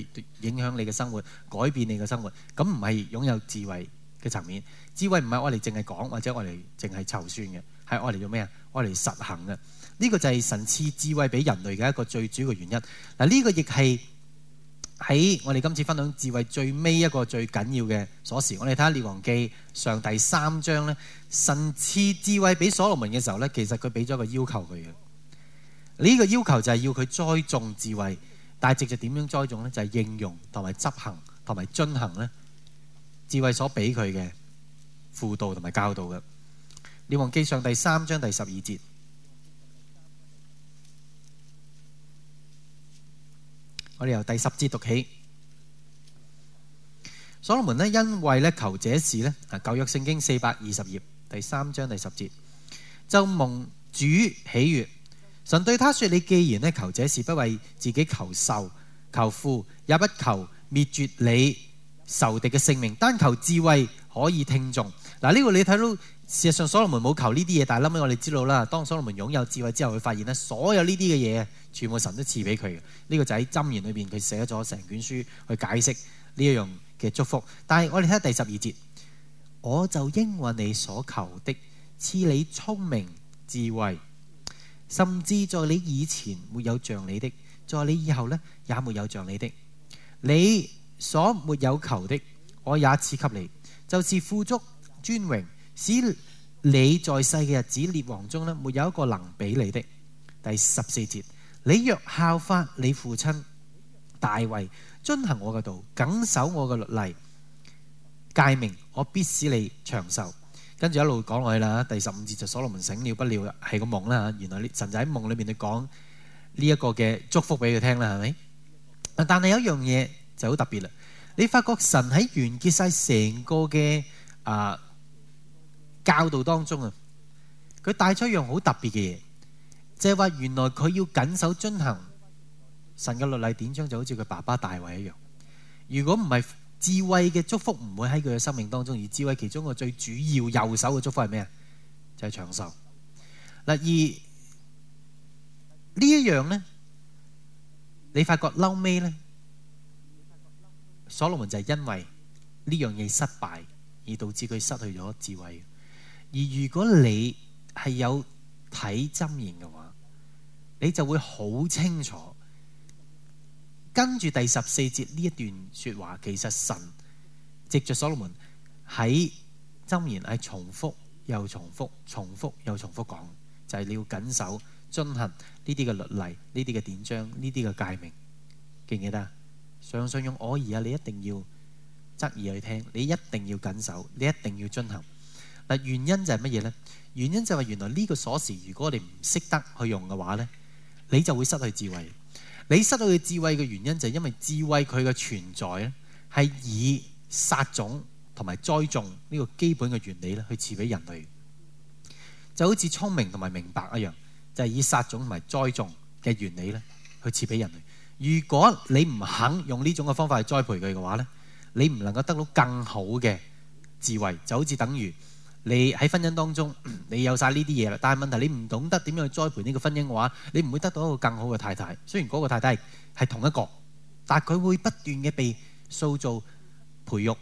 S1: 影響你嘅生活，改變你嘅生活。咁唔係擁有智慧嘅層面，智慧唔係用嚟淨係講，或者用嚟淨係籌算嘅，係用嚟做咩啊？用嚟實行嘅呢個就係神賜智慧俾人類嘅一個最主要嘅原因嗱。呢個亦係喺我哋今次分享智慧最尾一個最緊要嘅鎖匙。我哋睇下列王記上第三章咧，神賜智慧俾所羅門嘅時候咧，其實佢俾咗一個要求佢嘅。呢個要求就係要佢栽種智慧，但係直接點樣栽種呢？就係、是、應用同埋執行同埋進行呢智慧所俾佢嘅輔導同埋教導嘅。列王紀上第三章第十二節，我哋由第十節讀起。所羅門呢，因為咧求這事咧，《啊舊約聖經四百二十頁第三章第十節》，就蒙主喜悅。神對他說：你既然咧，求者，是不為自己求壽、求富，也不求滅絕你仇敵嘅性命，單求智慧可以聽訟。嗱，呢個你睇到事實上所羅門冇求呢啲嘢，但係後尾我哋知道啦。當所羅門擁有智慧之後，佢發現呢所有呢啲嘅嘢，全部神都賜俾佢。呢，這個就喺箴言裏邊佢寫咗成卷書去解釋呢樣嘅祝福。但係我哋睇下第十二節，我就應允你所求的，賜你聰明智慧。甚至在你以前沒有像你的，在你以後呢，也沒有像你的。你所沒有求的，我也賜給你。就是富足尊榮，使你在世嘅日子，列王中呢，沒有一個能比你的。第十四節，你若效法你父親大衛，遵行我嘅道，謹守我嘅律例，誡命，我必使你長壽。跟住一路講落去啦，第十五節就所羅門醒了，不料係個夢啦嚇。原來神就喺夢裏面，你講呢一個嘅祝福俾佢聽啦，係咪？但係有一樣嘢就好特別啦。你發覺神喺完結曬成個嘅啊教導當中啊，佢帶出一樣好特別嘅嘢，即係話原來佢要緊守遵行神嘅律例典章，就好似佢爸爸大衛一樣。如果唔係，智慧嘅祝福唔會喺佢嘅生命當中，而智慧其中一個最主要右手嘅祝福係咩啊？就係、是、長壽。嗱，而呢一樣咧，你發覺後尾咧，所羅門就係因為呢樣嘢失敗，而導致佢失去咗智慧。而如果你係有睇箴言嘅話，你就會好清楚。跟住第十四節呢一段說話，其實神藉著所羅門喺箴言係重複又重複、重複又重複講，就係你要謹守、遵行呢啲嘅律例、呢啲嘅典章、呢啲嘅誡命，記唔記得啊？想唔想用？可以啊！你一定要質疑去聽，你一定要謹守，你一定要遵行。嗱，原因就係乜嘢咧？原因就係原來呢個鎖匙，如果你唔識得去用嘅話咧，你就會失去智慧。你失去嘅智慧嘅原因就係因為智慧佢嘅存在咧，係以撒種同埋栽種呢個基本嘅原理咧去賜俾人類，就好似聰明同埋明白一樣，就係以撒種同埋栽種嘅原理咧去賜俾人類。如果你唔肯用呢種嘅方法去栽培佢嘅話咧，你唔能夠得到更好嘅智慧，就好似等於。你喺婚姻當中，你有晒呢啲嘢啦。但係問題你唔懂得點樣去栽培呢個婚姻嘅話，你唔會得到一個更好嘅太太。雖然嗰個太太係同一個，但係佢會不斷嘅被塑造、培育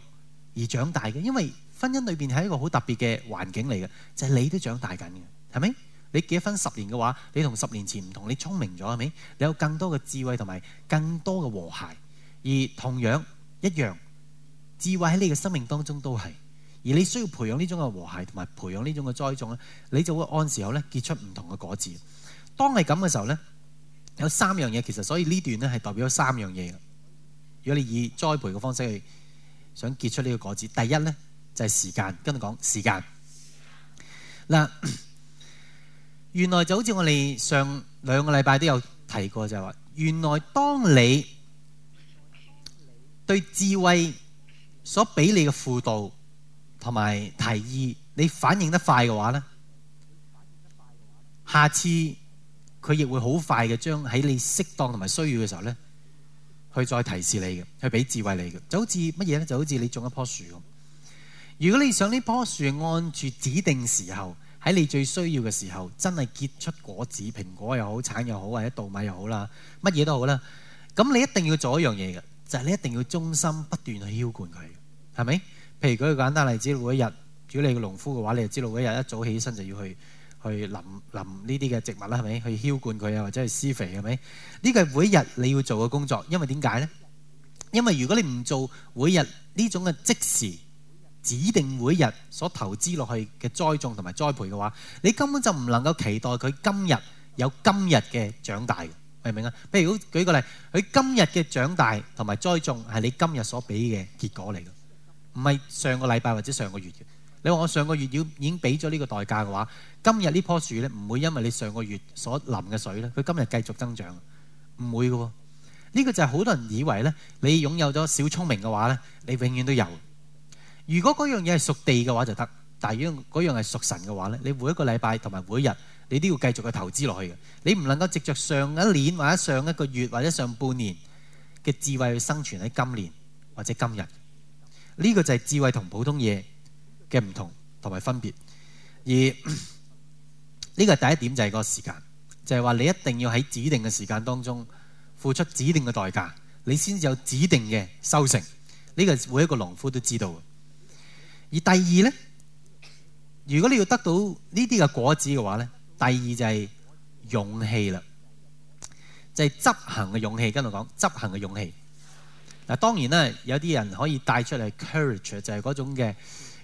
S1: 而長大嘅。因為婚姻裏邊係一個好特別嘅環境嚟嘅，就係你都長大緊嘅，係咪？你結婚十年嘅話，你同十年前唔同，你聰明咗，係咪？你有更多嘅智慧同埋更多嘅和諧，而同樣一樣智慧喺你嘅生命當中都係。而你需要培養呢種嘅和諧，同埋培養呢種嘅栽種咧，你就會按時候咧結出唔同嘅果子。當係咁嘅時候咧，有三樣嘢，其實所以呢段咧係代表咗三樣嘢。如果你以栽培嘅方式去想結出呢個果子，第一咧就係時間，跟住講時間。嗱，原來就好似我哋上兩個禮拜都有提過，就係話原來當你對智慧所俾你嘅輔導。同埋提議，你反應得快嘅話咧，下次佢亦會好快嘅將喺你適當同埋需要嘅時候咧，去再提示你嘅，去俾智慧你嘅，就好似乜嘢咧？就好似你種一棵樹咁。如果你想呢棵樹按住指定時候喺你最需要嘅時候，真係結出果子，蘋果又好，橙又好，或者稻米又好啦，乜嘢都好啦，咁你一定要做一樣嘢嘅，就係你一定要忠心不斷去澆灌佢，係咪？譬如舉個簡單例子，每一日，如果你個農夫嘅話，你就知道每一日一早起身就要去去淋淋呢啲嘅植物啦，係咪？去澆灌佢啊，或者係施肥，係咪？呢個係每一日你要做嘅工作，因為點解咧？因為如果你唔做每日呢種嘅即時指定每一日所投資落去嘅栽種同埋栽培嘅話，你根本就唔能夠期待佢今日有今日嘅長大，明唔明啊？譬如舉個例，佢今日嘅長大同埋栽種係你今日所俾嘅結果嚟㗎。唔係上個禮拜或者上個月嘅，你話我上個月已已經俾咗呢個代價嘅話，今日呢棵樹呢，唔會因為你上個月所淋嘅水呢，佢今日繼續增長，唔會嘅。呢個就係好多人以為呢，你擁有咗小聰明嘅話呢，你永遠都有。如果嗰樣嘢係屬地嘅話就得，但係如果嗰樣係屬神嘅話呢，你每一個禮拜同埋每一日你都要繼續去投資落去嘅，你唔能夠藉着上一年或者上一個月或者上半年嘅智慧去生存喺今年或者今日。呢個就係智慧同普通嘢嘅唔同同埋分別，而呢個第一點就係個時間，就係話你一定要喺指定嘅時間當中付出指定嘅代價，你先至有指定嘅收成。呢個係每一個農夫都知道。而第二呢，如果你要得到呢啲嘅果子嘅話呢，第二就係勇氣啦，就係執行嘅勇氣。跟住講執行嘅勇氣。嗱，當然啦，有啲人可以帶出嚟 courage，就係嗰種嘅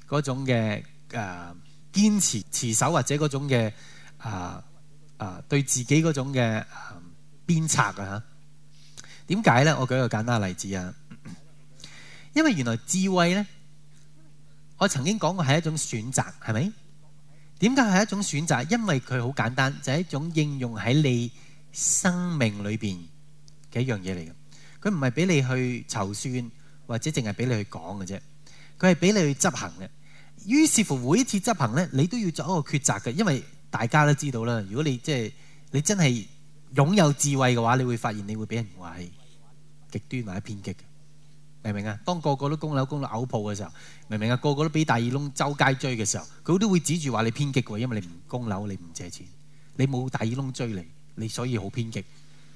S1: 嗰種嘅誒堅持持守，或者嗰種嘅啊啊對自己嗰種嘅、呃、鞭策啊嚇。點解咧？我舉個簡單例子啊。因為原來智慧咧，我曾經講過係一種選擇，係咪？點解係一種選擇？因為佢好簡單，就係、是、一種應用喺你生命裏邊嘅一樣嘢嚟嘅。佢唔係俾你去籌算，或者淨係俾你去講嘅啫。佢係俾你去執行嘅。於是乎每一次執行咧，你都要做一個抉擇嘅，因為大家都知道啦。如果你即係、就是、你真係擁有智慧嘅話，你會發現你會俾人話係極端或者偏激嘅。明唔明啊？當個個都供樓供到嘔泡嘅時候，明唔明啊？個個都俾大耳窿周街追嘅時候，佢都會指住話你偏激喎，因為你唔供樓，你唔借錢，你冇大耳窿追你，你所以好偏激。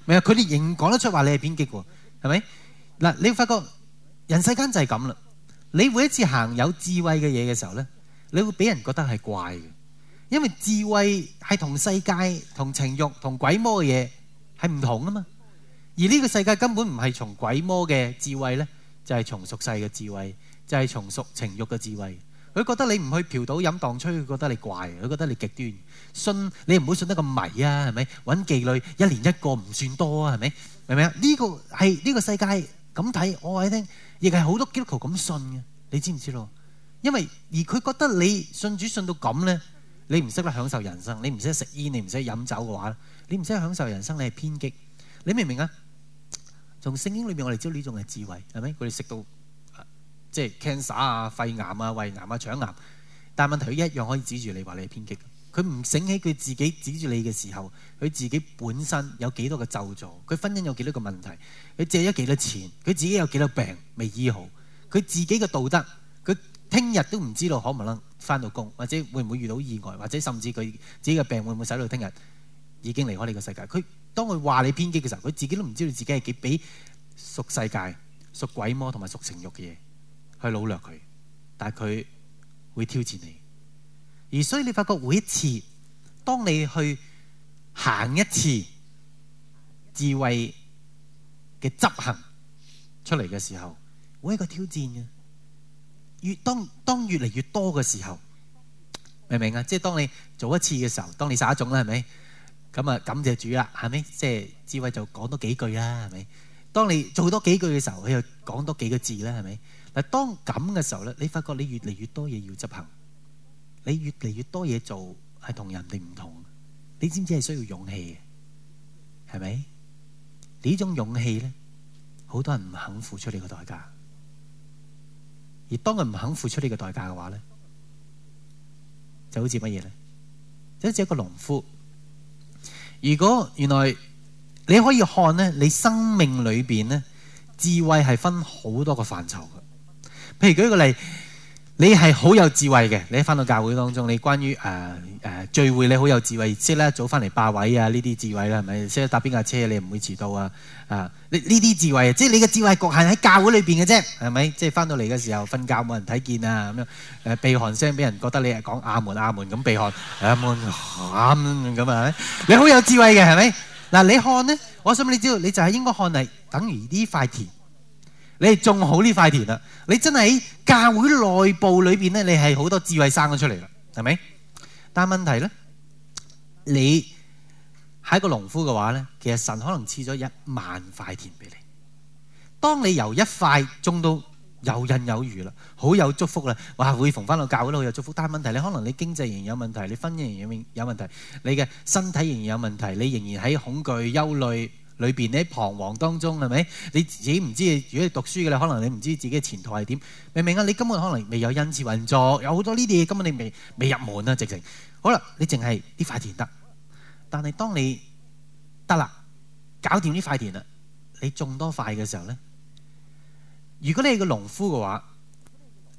S1: 明係啊，佢哋仍講得出話你係偏激喎。係咪嗱？你會發覺人世間就係咁啦。你每一次行有智慧嘅嘢嘅時候咧，你會俾人覺得係怪嘅，因為智慧係同世界、同情欲、同鬼魔嘅嘢係唔同啊嘛。而呢個世界根本唔係從鬼魔嘅智慧咧，就係從屬世嘅智慧，就係、是、從屬情欲嘅智慧。就是佢覺得你唔去嫖賭飲蕩吹，佢覺得你怪，佢覺得你極端。信你唔好信得咁迷啊，係咪？搵妓女一年一個唔算多啊，係咪？明唔明啊？呢個係呢個世界咁睇，我話你聽，亦係好多基督徒咁信嘅。你知唔知咯？因為而佢覺得你信主信到咁咧，你唔識得享受人生，你唔識得食煙，你唔識得飲酒嘅話，你唔識得享受人生，你係偏激。你明唔明啊？從聖經裏面，我哋知道呢種係智慧，係咪？佢哋食到。即係 cancer 啊、肺癌啊、胃癌啊、腸癌，但問題佢一樣可以指住你話你係偏激。佢唔醒起佢自己指住你嘅時候，佢自己本身有幾多個咒詛？佢婚姻有幾多個問題？佢借咗幾多錢？佢自己有幾多病未醫好？佢自己嘅道德，佢聽日都唔知道可唔可能返到工，或者會唔會遇到意外，或者甚至佢自己嘅病會唔會使到聽日已經離開呢個世界？佢當佢話你偏激嘅時候，佢自己都唔知道自己係幾俾屬世界、屬鬼魔同埋屬情欲嘅嘢。去擄掠佢，但係佢會挑戰你。而所以你發覺，每一次當你去行一次智慧嘅執行出嚟嘅時候，會一個挑戰嘅。越當當越嚟越多嘅時候，明唔明啊？即係當你做一次嘅時候，當你撒一種啦，係咪咁啊？就感謝主啊，係咪？即係智慧就講多幾句啦，係咪？當你做多幾句嘅時候，佢又講多幾個字啦，係咪？嗱，當咁嘅時候咧，你發覺你越嚟越多嘢要執行，你越嚟越多嘢做，係同人哋唔同。你知唔知係需要勇氣嘅？係咪？呢種勇氣咧，好多人唔肯付出呢個代價。而當佢唔肯付出呢個代價嘅話咧，就好似乜嘢咧？就好似一個農夫。如果原來你可以看呢，你生命裏邊咧，智慧係分好多個範疇嘅。譬如舉一個例，你係好有智慧嘅。你翻到教會當中，你關於誒誒、呃呃、聚會，你好有智慧，即係咧早翻嚟霸位啊，呢啲智慧啦，係咪？即係搭邊架車你唔會遲到啊？啊，呢呢啲智慧，即、就、係、是、你嘅智慧局限喺教會裏邊嘅啫，係咪？即係翻到嚟嘅時候瞓覺冇人睇見啊，咁樣誒、呃、鼻鼾聲，俾人覺得你係講阿門阿門咁鼻鼾，阿門啱咁啊？你好有智慧嘅係咪？嗱，你看咧，我想你知道，你就係應該看嚟，等於呢塊田。你係種好呢塊田啦！你真係喺教會內部裏邊咧，你係好多智慧生咗出嚟啦，係咪？但問題咧，你係一個農夫嘅話咧，其實神可能賜咗一萬塊田俾你。當你由一塊種到游刃有餘啦，好有祝福啦，哇！會逢翻到教會度好有祝福。但問題你可能你經濟仍然有問題，你婚姻仍然有問題，你嘅身體仍然有問題，你仍然喺恐懼憂慮。裏邊咧，彷徨當中係咪？你自己唔知。如果你讀書嘅你可能你唔知自己嘅前途係點，明明啊？你根本可能未有恩賜運作，有好多呢啲嘢，根本你未未入門啊！直情好啦，你淨係呢塊田得，但係當你得啦，搞掂呢塊田啦，你種多塊嘅時候咧，如果你係個農夫嘅話，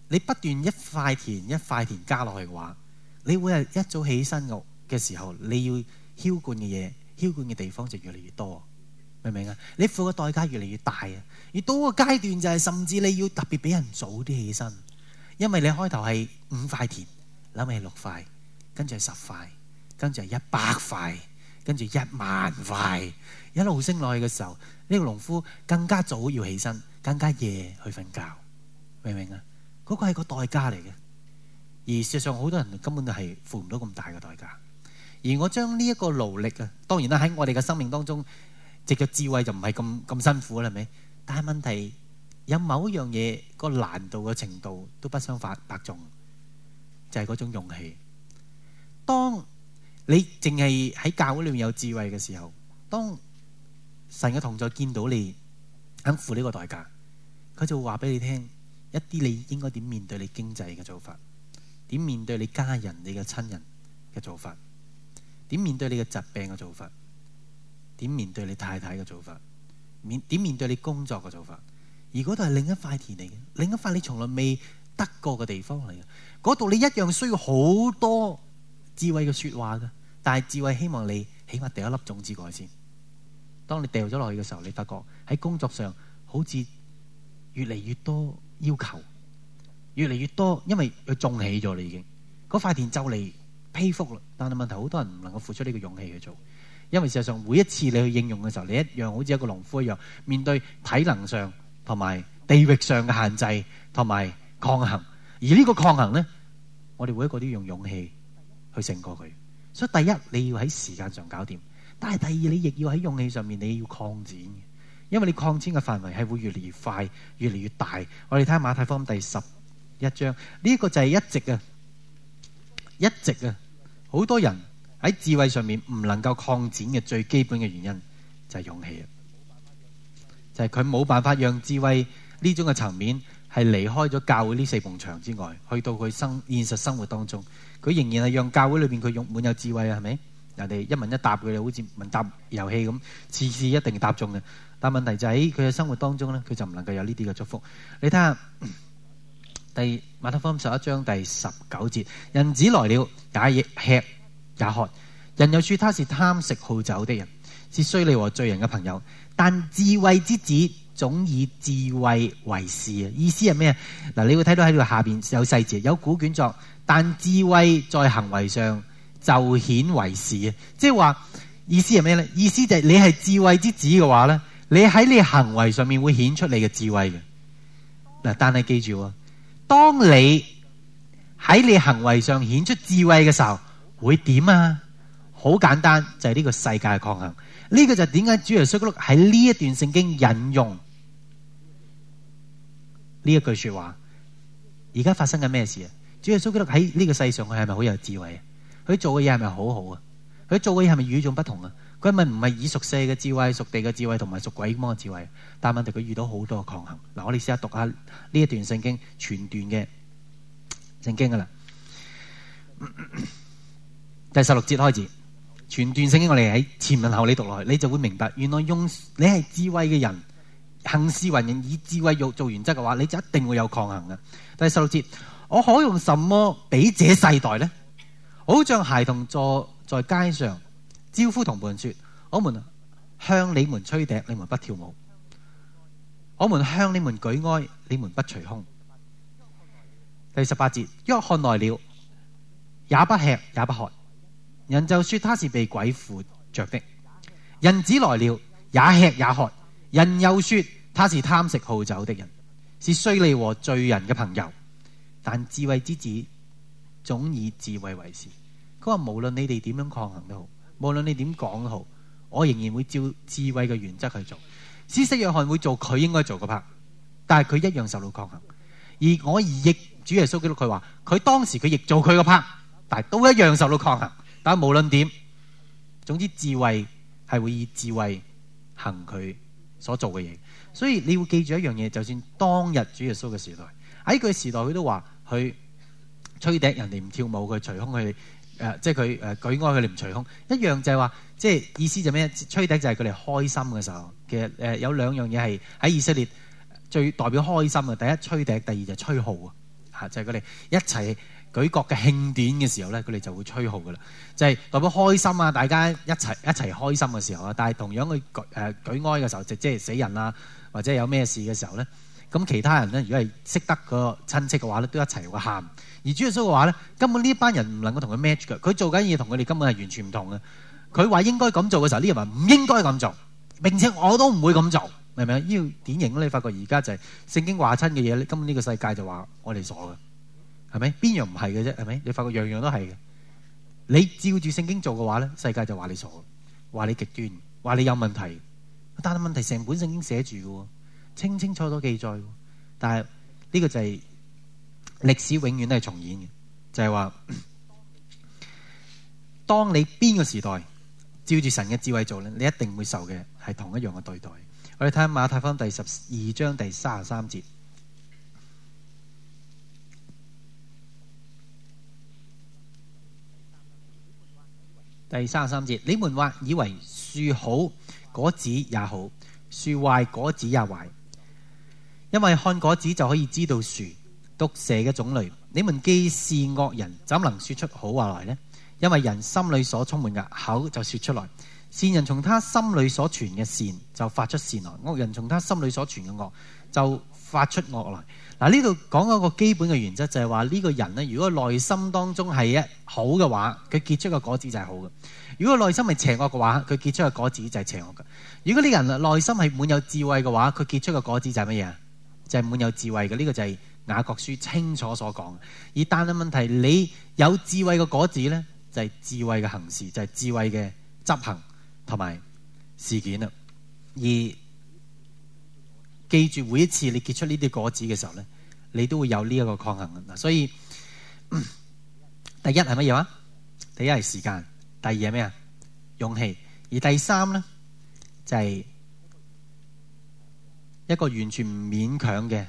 S1: 你不斷一塊田一塊田加落去嘅話，你會係一早起身嘅嘅時候，你要澆灌嘅嘢澆灌嘅地方就越嚟越多。明唔明啊？你付嘅代價越嚟越大啊！而到個階段就係，甚至你要特別俾人早啲起身，因為你開頭係五塊田，諗起六塊，跟住係十塊，跟住係一百塊，跟住一萬塊一路升落去嘅時候，呢個農夫更加早要起身，更加夜去瞓覺。明唔明啊？嗰個係個代價嚟嘅，而事實上好多人根本就係付唔到咁大嘅代價。而我將呢一個勞力啊，當然啦，喺我哋嘅生命當中。直嘅智慧就唔係咁咁辛苦啦，係咪？但係問題有某樣嘢，個難度嘅程度都不相法伯仲，就係、是、嗰種勇氣。當你淨係喺教會裏面有智慧嘅時候，當神嘅同在見到你肯付呢個代價，佢就會話俾你聽一啲你應該點面對你經濟嘅做法，點面對你家人，你嘅親人嘅做法，點面對你嘅疾病嘅做法。點面對你太太嘅做法，面點面對你工作嘅做法？而嗰度係另一塊田嚟嘅，另一塊你從來未得過嘅地方嚟嘅。嗰度你一樣需要好多智慧嘅說話㗎，但係智慧希望你起碼掉一粒種子過去先。當你掉咗落去嘅時候，你發覺喺工作上好似越嚟越多要求，越嚟越多，因為佢種起咗你已經嗰塊田就嚟披覆啦。但係問題好多人唔能夠付出呢個勇氣去做。因為事實上每一次你去應用嘅時候，你一樣好似一個農夫一樣，面對體能上同埋地域上嘅限制同埋抗衡，而呢個抗衡呢，我哋每一個都要用勇氣去勝過佢。所以第一你要喺時間上搞掂，但係第二你亦要喺勇氣上面你要擴展，因為你擴展嘅範圍係會越嚟越快、越嚟越大。我哋睇下馬太福音第十一章，呢個就係一直啊，一直啊，好多人。喺智慧上面唔能夠擴展嘅最基本嘅原因就係，勇氣就係佢冇辦法讓智慧呢種嘅層面係離開咗教會呢四埲牆之外，去到佢生現實生活當中，佢仍然係讓教會裏面佢擁滿有智慧啊！係咪？人哋一問一答，佢又好似問答遊戲咁，次次一定答中嘅。但問題就喺佢嘅生活當中呢，佢就唔能夠有呢啲嘅祝福。你睇下，第馬太福音十一章第十九節，人子來了也亦吃。也喝，人又說他是貪食好酒的人，是稅吏和罪人嘅朋友。但智慧之子總以智慧為是啊。意思係咩啊？嗱，你會睇到喺度下邊有細節，有古卷作但智慧在行為上就顯為是啊。即係話意思係咩咧？意思就係、是、你係智慧之子嘅話，你喺你行為上面會顯出你嘅智慧嘅，嗱。但係記住啊，當你喺你行為上顯出智慧嘅時候。會點啊？好簡單，就係、是、呢個世界嘅抗衡。呢、這個就點解主耶穌基督喺呢一段聖經引用呢一句說話？而家發生緊咩事啊？主耶穌基督喺呢個世上，佢係咪好有智慧？佢做嘅嘢係咪好好啊？佢做嘅嘢係咪與眾不同啊？佢係咪唔係以屬世嘅智慧、屬地嘅智慧同埋屬鬼魔嘅智慧？但係問題佢遇到好多的抗衡。嗱，我哋試、試讀一下讀下呢一段聖經全段嘅聖經噶啦。第十六節開始，全段聖經我哋喺前文後尾讀落去，你就會明白，原來用你係智慧嘅人，行事為人以智慧嚟做原則嘅話，你就一定會有抗衡嘅。第十六節，我可用什麼比這世代呢？好像孩童坐在街上，招呼同伴說：我們向你們吹笛，你們不跳舞；我們向你們舉哀，你們不捶胸。第十八節，約翰來了，也不吃，也不喝。人就說他是被鬼附着的，人子來了也吃也喝。人又說他是貪食好酒的人，是稅吏和罪人嘅朋友。但智慧之子總以智慧為是。佢話無論你哋點樣抗衡都好，無論你點講都好，我仍然會照智慧嘅原則去做。施洗約翰會做佢應該做嘅 part，但係佢一樣受到抗衡。而我哋主耶穌基督，佢話佢當時佢亦做佢嘅 part，但係都一樣受到抗衡。但係無論點，總之智慧係會以智慧行佢所做嘅嘢，所以你要記住一樣嘢，就算當日主耶穌嘅時代喺佢時代，佢都話佢吹笛，人哋唔跳舞；佢捶胸，佢、呃、誒，即係佢誒舉哀，佢哋唔捶胸。一樣就係話，即、就、係、是、意思就咩？吹笛就係佢哋開心嘅時候。其實誒有兩樣嘢係喺以色列最代表開心嘅，第一吹笛，第二就係吹號啊，就係佢哋一齊。舉國嘅慶典嘅時候咧，佢哋就會吹號㗎喇，就係、是、代表開心啊！大家一齊一齊開心嘅時候啊，但係同樣佢舉誒、呃、舉哀嘅時候，即係死人啊，或者有咩事嘅時候咧，咁其他人咧如果係識得個親戚嘅話咧，都一齊會喊。而主耶穌嘅話咧，根本呢一班人唔能夠同佢 match 嘅，佢做緊嘢同佢哋根本係完全唔同嘅。佢話應該咁做嘅時候，呢人話唔應該咁做，並且我都唔會咁做，明唔明？呢、這個典型你發覺而家就係、是、聖經話親嘅嘢，根本呢個世界就話我哋傻嘅。係咪邊樣唔係嘅啫？係咪？你發覺樣樣都係嘅。你照住聖經做嘅話咧，世界就話你傻，話你極端，話你有問題。但係問題，成本聖經寫住喎，清清楚楚記載。但係呢個就係歷史，永遠都係重演嘅。就係、是、話、嗯，當你邊個時代照住神嘅智慧做咧，你一定會受嘅係同一樣嘅對待。我哋睇下馬太福音第十二章第三十三節。第三十三節，你們或以為樹好，果子也好，樹壞，果子也壞，因為看果子就可以知道樹，毒蛇嘅種類。你們既是惡人，怎能說出好話來呢？因為人心裏所充滿嘅，口就說出來，善人從他心裏所傳嘅善就發出善來，惡人從他心裏所傳嘅惡就發出惡來。嗱，呢度講嗰個基本嘅原則就係話呢個人咧，如果內心當中係一好嘅話，佢結出嘅果子就係好嘅；如果內心係邪惡嘅話，佢結出嘅果子就係邪惡嘅。如果呢人內心係滿有智慧嘅話，佢結出嘅果子就係乜嘢啊？就係滿有智慧嘅。呢個就係雅各書清楚所講。而單一問題，你有智慧嘅果子呢，就係、是、智慧嘅行事，就係、是、智慧嘅執行同埋事件啦。而記住每一次你結出呢啲果子嘅時候咧，你都會有呢一個抗衡。嗱，所以第一係乜嘢啊？第一係時間，第二係咩啊？勇氣，而第三咧就係一個完全唔勉強嘅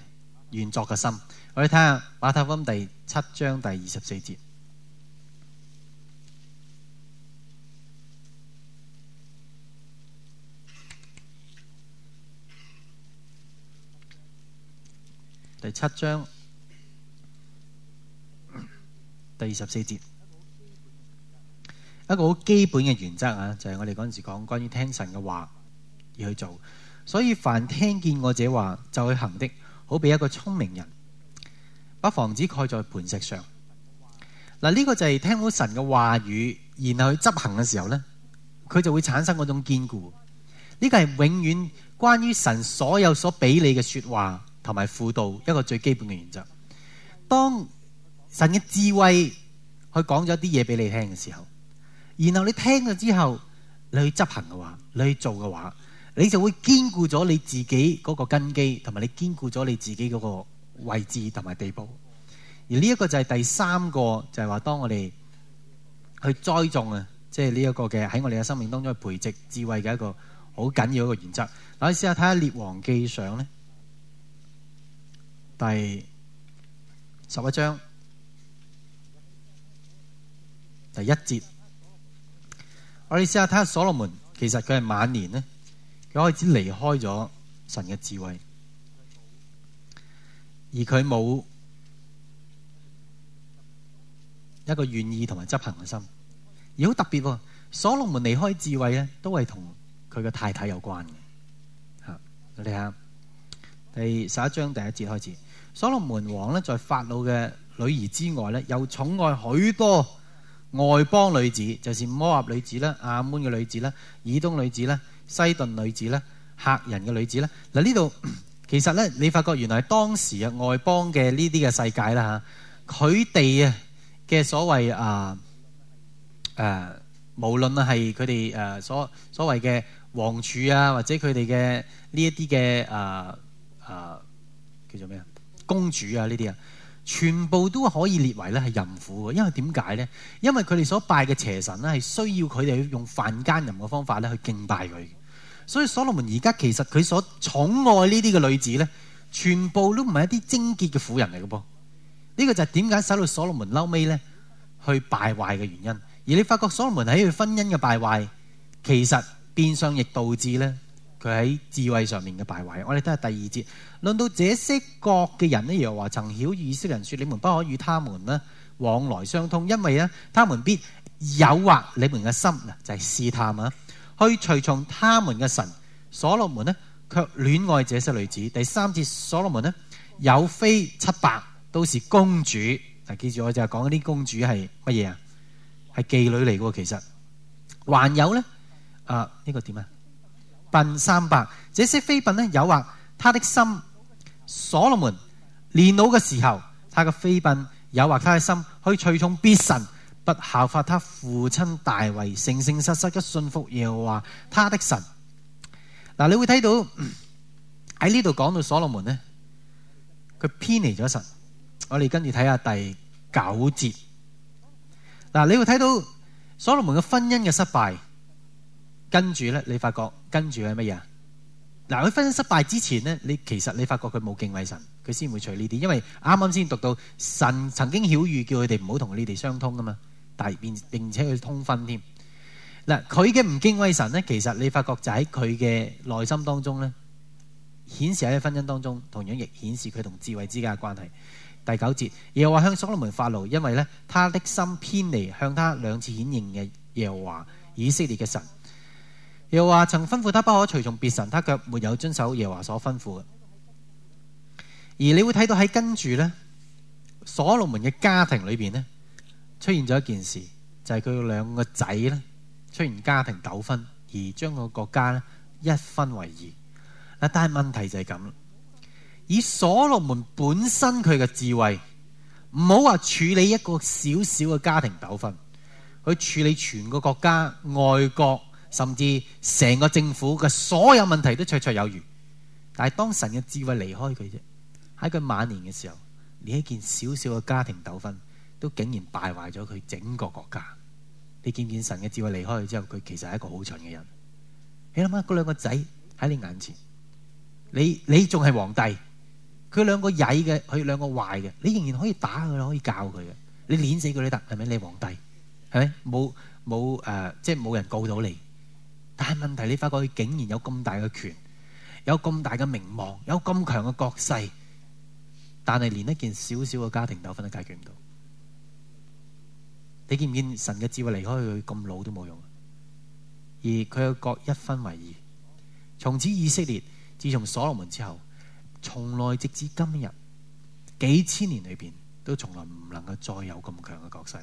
S1: 願作嘅心。我哋睇下馬太福音第七章第二十四節。第七章第二十四節，一個好基本嘅原則啊，就係、是、我哋嗰陣時講關於聽神嘅話而去做，所以凡聽見我這話就去行的，好比一個聰明人把房子蓋在磐石上。嗱，呢個就係聽到神嘅話語然後去執行嘅時候呢，佢就會產生嗰種堅固。呢個係永遠關於神所有所俾你嘅說話。同埋輔導一個最基本嘅原則。當神嘅智慧去講咗啲嘢俾你聽嘅時候，然後你聽咗之後，你去執行嘅話，你去做嘅話，你就會兼顧咗你自己嗰個根基，同埋你兼顧咗你自己嗰個位置同埋地步。而呢一個就係第三個，就係話當我哋去栽種啊，即係呢一個嘅喺我哋嘅生命當中去培植智慧嘅一個好緊要的一個原則。嗱，你試下睇下《列王記上》咧。第十一章第一節，我哋試下睇下。所羅門其實佢係晚年呢，佢開始離開咗神嘅智慧，而佢冇一個願意同埋執行嘅心，而好特別，所羅門離開的智慧呢，都係同佢嘅太太有關嘅。吓，你睇下第十一章第一節開始。所羅門王呢，在法老嘅女兒之外呢，又寵愛許多外邦女子，就是摩押女子啦、亞捫嘅女子啦、以東女子啦、西頓女子啦、赫人嘅女子啦。嗱，呢度其實呢，你發覺原來當時嘅外邦嘅呢啲嘅世界啦，嚇，佢哋啊嘅所謂啊誒、啊，無論係佢哋誒所所謂嘅王儲啊，或者佢哋嘅呢一啲嘅啊啊叫做咩啊？公主啊，呢啲啊，全部都可以列為咧係淫婦嘅，因為點解咧？因為佢哋所拜嘅邪神咧，係需要佢哋用犯奸淫嘅方法咧去敬拜佢，所以所羅門而家其實佢所寵愛呢啲嘅女子咧，全部都唔係一啲貞潔嘅婦人嚟嘅噃。呢個就係點解使到所羅門嬲尾咧去敗壞嘅原因。而你發覺所羅門喺佢婚姻嘅敗壞，其實變相亦導致咧。佢喺智慧上面嘅敗壞，我哋睇下第二節。論到這些國嘅人咧，又話曾曉以色列人説：你們不可與他們咧往來相通，因為咧他們必誘惑你們嘅心，嗱就係、是、試探啊，去隨從他們嘅神。所羅門呢，卻戀愛這些女子。第三節，所羅門呢，有妃七百都是公主。嗱，記住，我就係講啲公主係乜嘢啊？係妓女嚟㗎，其實還有呢，啊呢、這個點啊？嬪三百，這些妃嬪呢，誘惑他的心。所羅門年老嘅時候，他嘅妃嬪誘惑他嘅心去隨從別神，不效法他父親大衛誠誠實實嘅信服耶和華他的神。嗱，你會睇到喺呢度講到所羅門呢，佢偏離咗神。我哋跟住睇下第九節。嗱，你會睇到所羅門嘅婚姻嘅失敗。跟住咧，你發覺跟住係乜嘢啊？嗱，佢婚姻失敗之前呢，你其實你發覺佢冇敬畏神，佢先會隨呢啲，因為啱啱先讀到神曾經曉諭叫佢哋唔好同你哋相通㗎嘛，但係並且佢通婚添嗱。佢嘅唔敬畏神呢，其實你發覺就喺佢嘅內心當中呢，顯示喺婚姻當中同樣亦顯示佢同智慧之間嘅關係。第九節，耶和華向所羅門發怒，因為呢，他的心偏離向他兩次顯現嘅耶和華以色列嘅神。又話曾吩咐他不可隨從別神，他卻沒有遵守耶華所吩咐嘅。而你會睇到喺跟住呢，所羅門嘅家庭裏邊呢，出現咗一件事，就係佢兩個仔呢，出現家庭糾紛，而將個國家呢一分為二。但係問題就係咁，以所羅門本身佢嘅智慧，唔好話處理一個小小嘅家庭糾紛，去處理全個國家外國。甚至成個政府的所有問題都綽綽有餘，但是當神的智慧離開他在他佢晚年的時候，連一件小小的家庭糾紛都竟然敗壞了他整個國家。你見見神的智慧離開佢之後，他其實是一個好蠢的人，你想想？你諗下，嗰兩個仔在你眼前你，你你仲係皇帝他，他兩個曳嘅，佢兩個壞的你仍然可以打他可以教他你碾死他都得，不是你是皇帝是不、呃、是沒有人告到你。但係問題，你發覺佢竟然有咁大嘅權，有咁大嘅名望，有咁強嘅國勢，但係連一件小小嘅家庭糾紛都解決唔到。你見唔見神嘅智慧離開佢咁老都冇用，而佢嘅國一分為二。從此以色列自從所羅門之後，從來直至今日幾千年裏邊，都從來唔能夠再有咁強嘅國勢。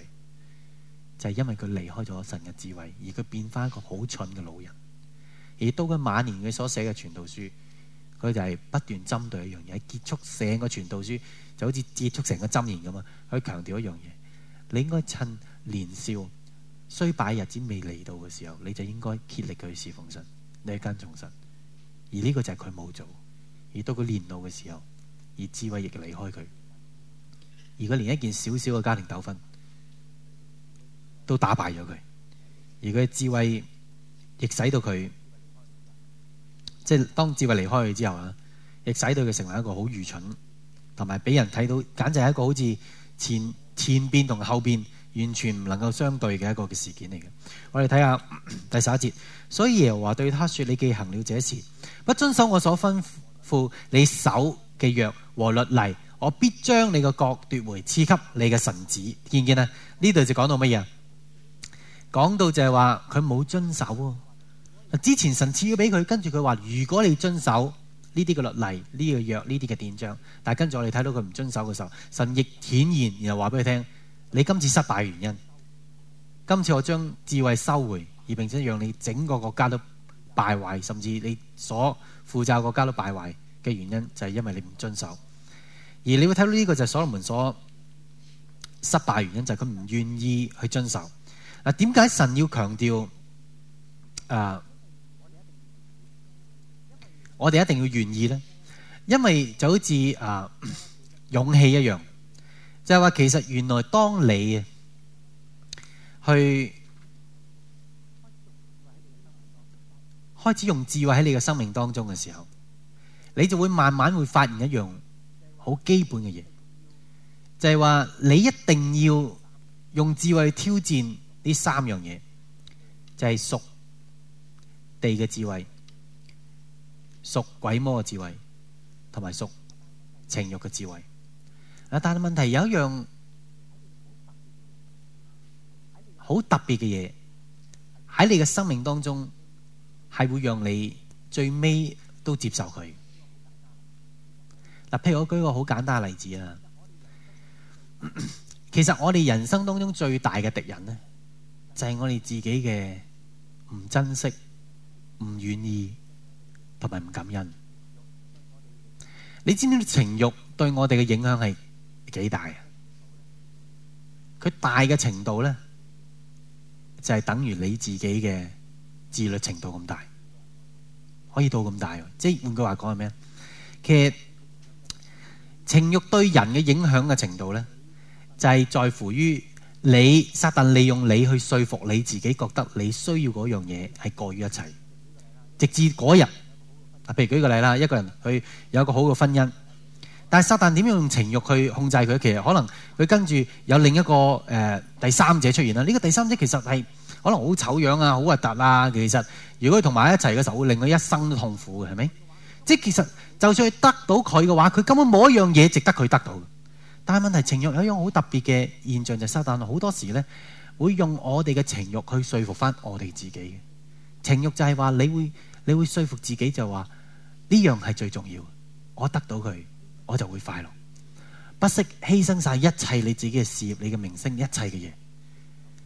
S1: 就係因為佢離開咗神嘅智慧，而佢變返一個好蠢嘅老人。而到佢晚年，佢所寫嘅傳道書，佢就係不斷針對的一樣嘢，結束成個傳道書就好似結束成個箴言咁啊！去強調一樣嘢：你應該趁年少衰敗日子未嚟到嘅時候，你就應該竭力去侍奉神，你去跟從神。而呢個就係佢冇做。而到佢年老嘅時候，而智慧亦離開佢。而佢連一件小小嘅家庭糾紛，都打敗咗佢，而佢智慧亦使到佢即係。當智慧離開佢之後，啊，亦使到佢成為一個好愚蠢，同埋俾人睇到，簡直係一個好似前前邊同後邊完全唔能夠相對嘅一個嘅事件嚟嘅。我哋睇下第十一節，所以耶和華對他說：「你既行了這事，不遵守我所吩咐你守嘅約和律例，我必將你嘅國奪回，賜給你嘅神子。」見唔見啊？呢度就講到乜嘢啊？講到就係話佢冇遵守，嗱，之前神賜咗俾佢，跟住佢話如果你要遵守呢啲嘅律例、呢個約、呢啲嘅典章，但係跟住我哋睇到佢唔遵守嘅時候，神亦顯現，然後話俾佢聽，你今次失敗嘅原因，今次我將智慧收回，而並且讓你整個國家都敗壞，甚至你所負責國家都敗壞嘅原因就係因為你唔遵守，而你會睇到呢個就係所羅門所失敗原因就係佢唔願意去遵守。嗱，點解神要強調、啊、我哋一定要願意呢？因為就好似、啊、勇氣一樣，就係話其實原來當你去開始用智慧喺你嘅生命當中嘅時候，你就會慢慢會發現一樣好基本嘅嘢，就係話你一定要用智慧去挑戰。呢三樣嘢就係屬地嘅智慧、屬鬼魔嘅智慧，同埋屬情欲嘅智慧。嗱，但係問題有一樣好特別嘅嘢喺你嘅生命當中，係會讓你最尾都接受佢嗱。譬如我舉個好簡單嘅例子啊，其實我哋人生當中最大嘅敵人咧，就係我哋自己嘅唔珍惜、唔願意同埋唔感恩。你知唔知情欲對我哋嘅影響係幾大啊？佢大嘅程度咧，就係等於你自己嘅自律程度咁大，可以到咁大。即係換句話講係咩？其實情欲對人嘅影響嘅程度咧，就係在乎於。你撒旦利用你去說服你自己，覺得你需要嗰樣嘢係過於一切，直至嗰日。啊，譬如舉個例啦，一個人去有一個好嘅婚姻，但係撒旦點用情欲去控制佢？其實可能佢跟住有另一個誒、呃、第三者出現啦。呢個第三者其實係可能好醜樣啊，好核突啊。其實如果佢同埋一齊嘅時候，會令佢一生都痛苦嘅，係咪？即係其實就算佢得到佢嘅話，佢根本冇一樣嘢值得佢得到。但係問題，情欲有一樣好特別嘅現象，就係、收失。好多時咧，會用我哋嘅情欲去說服翻我哋自己嘅情欲，就係話你會你會說服自己就話呢樣係最重要，我得到佢我就會快樂，不惜犧牲晒一切你自己嘅事業、你嘅名聲、一切嘅嘢。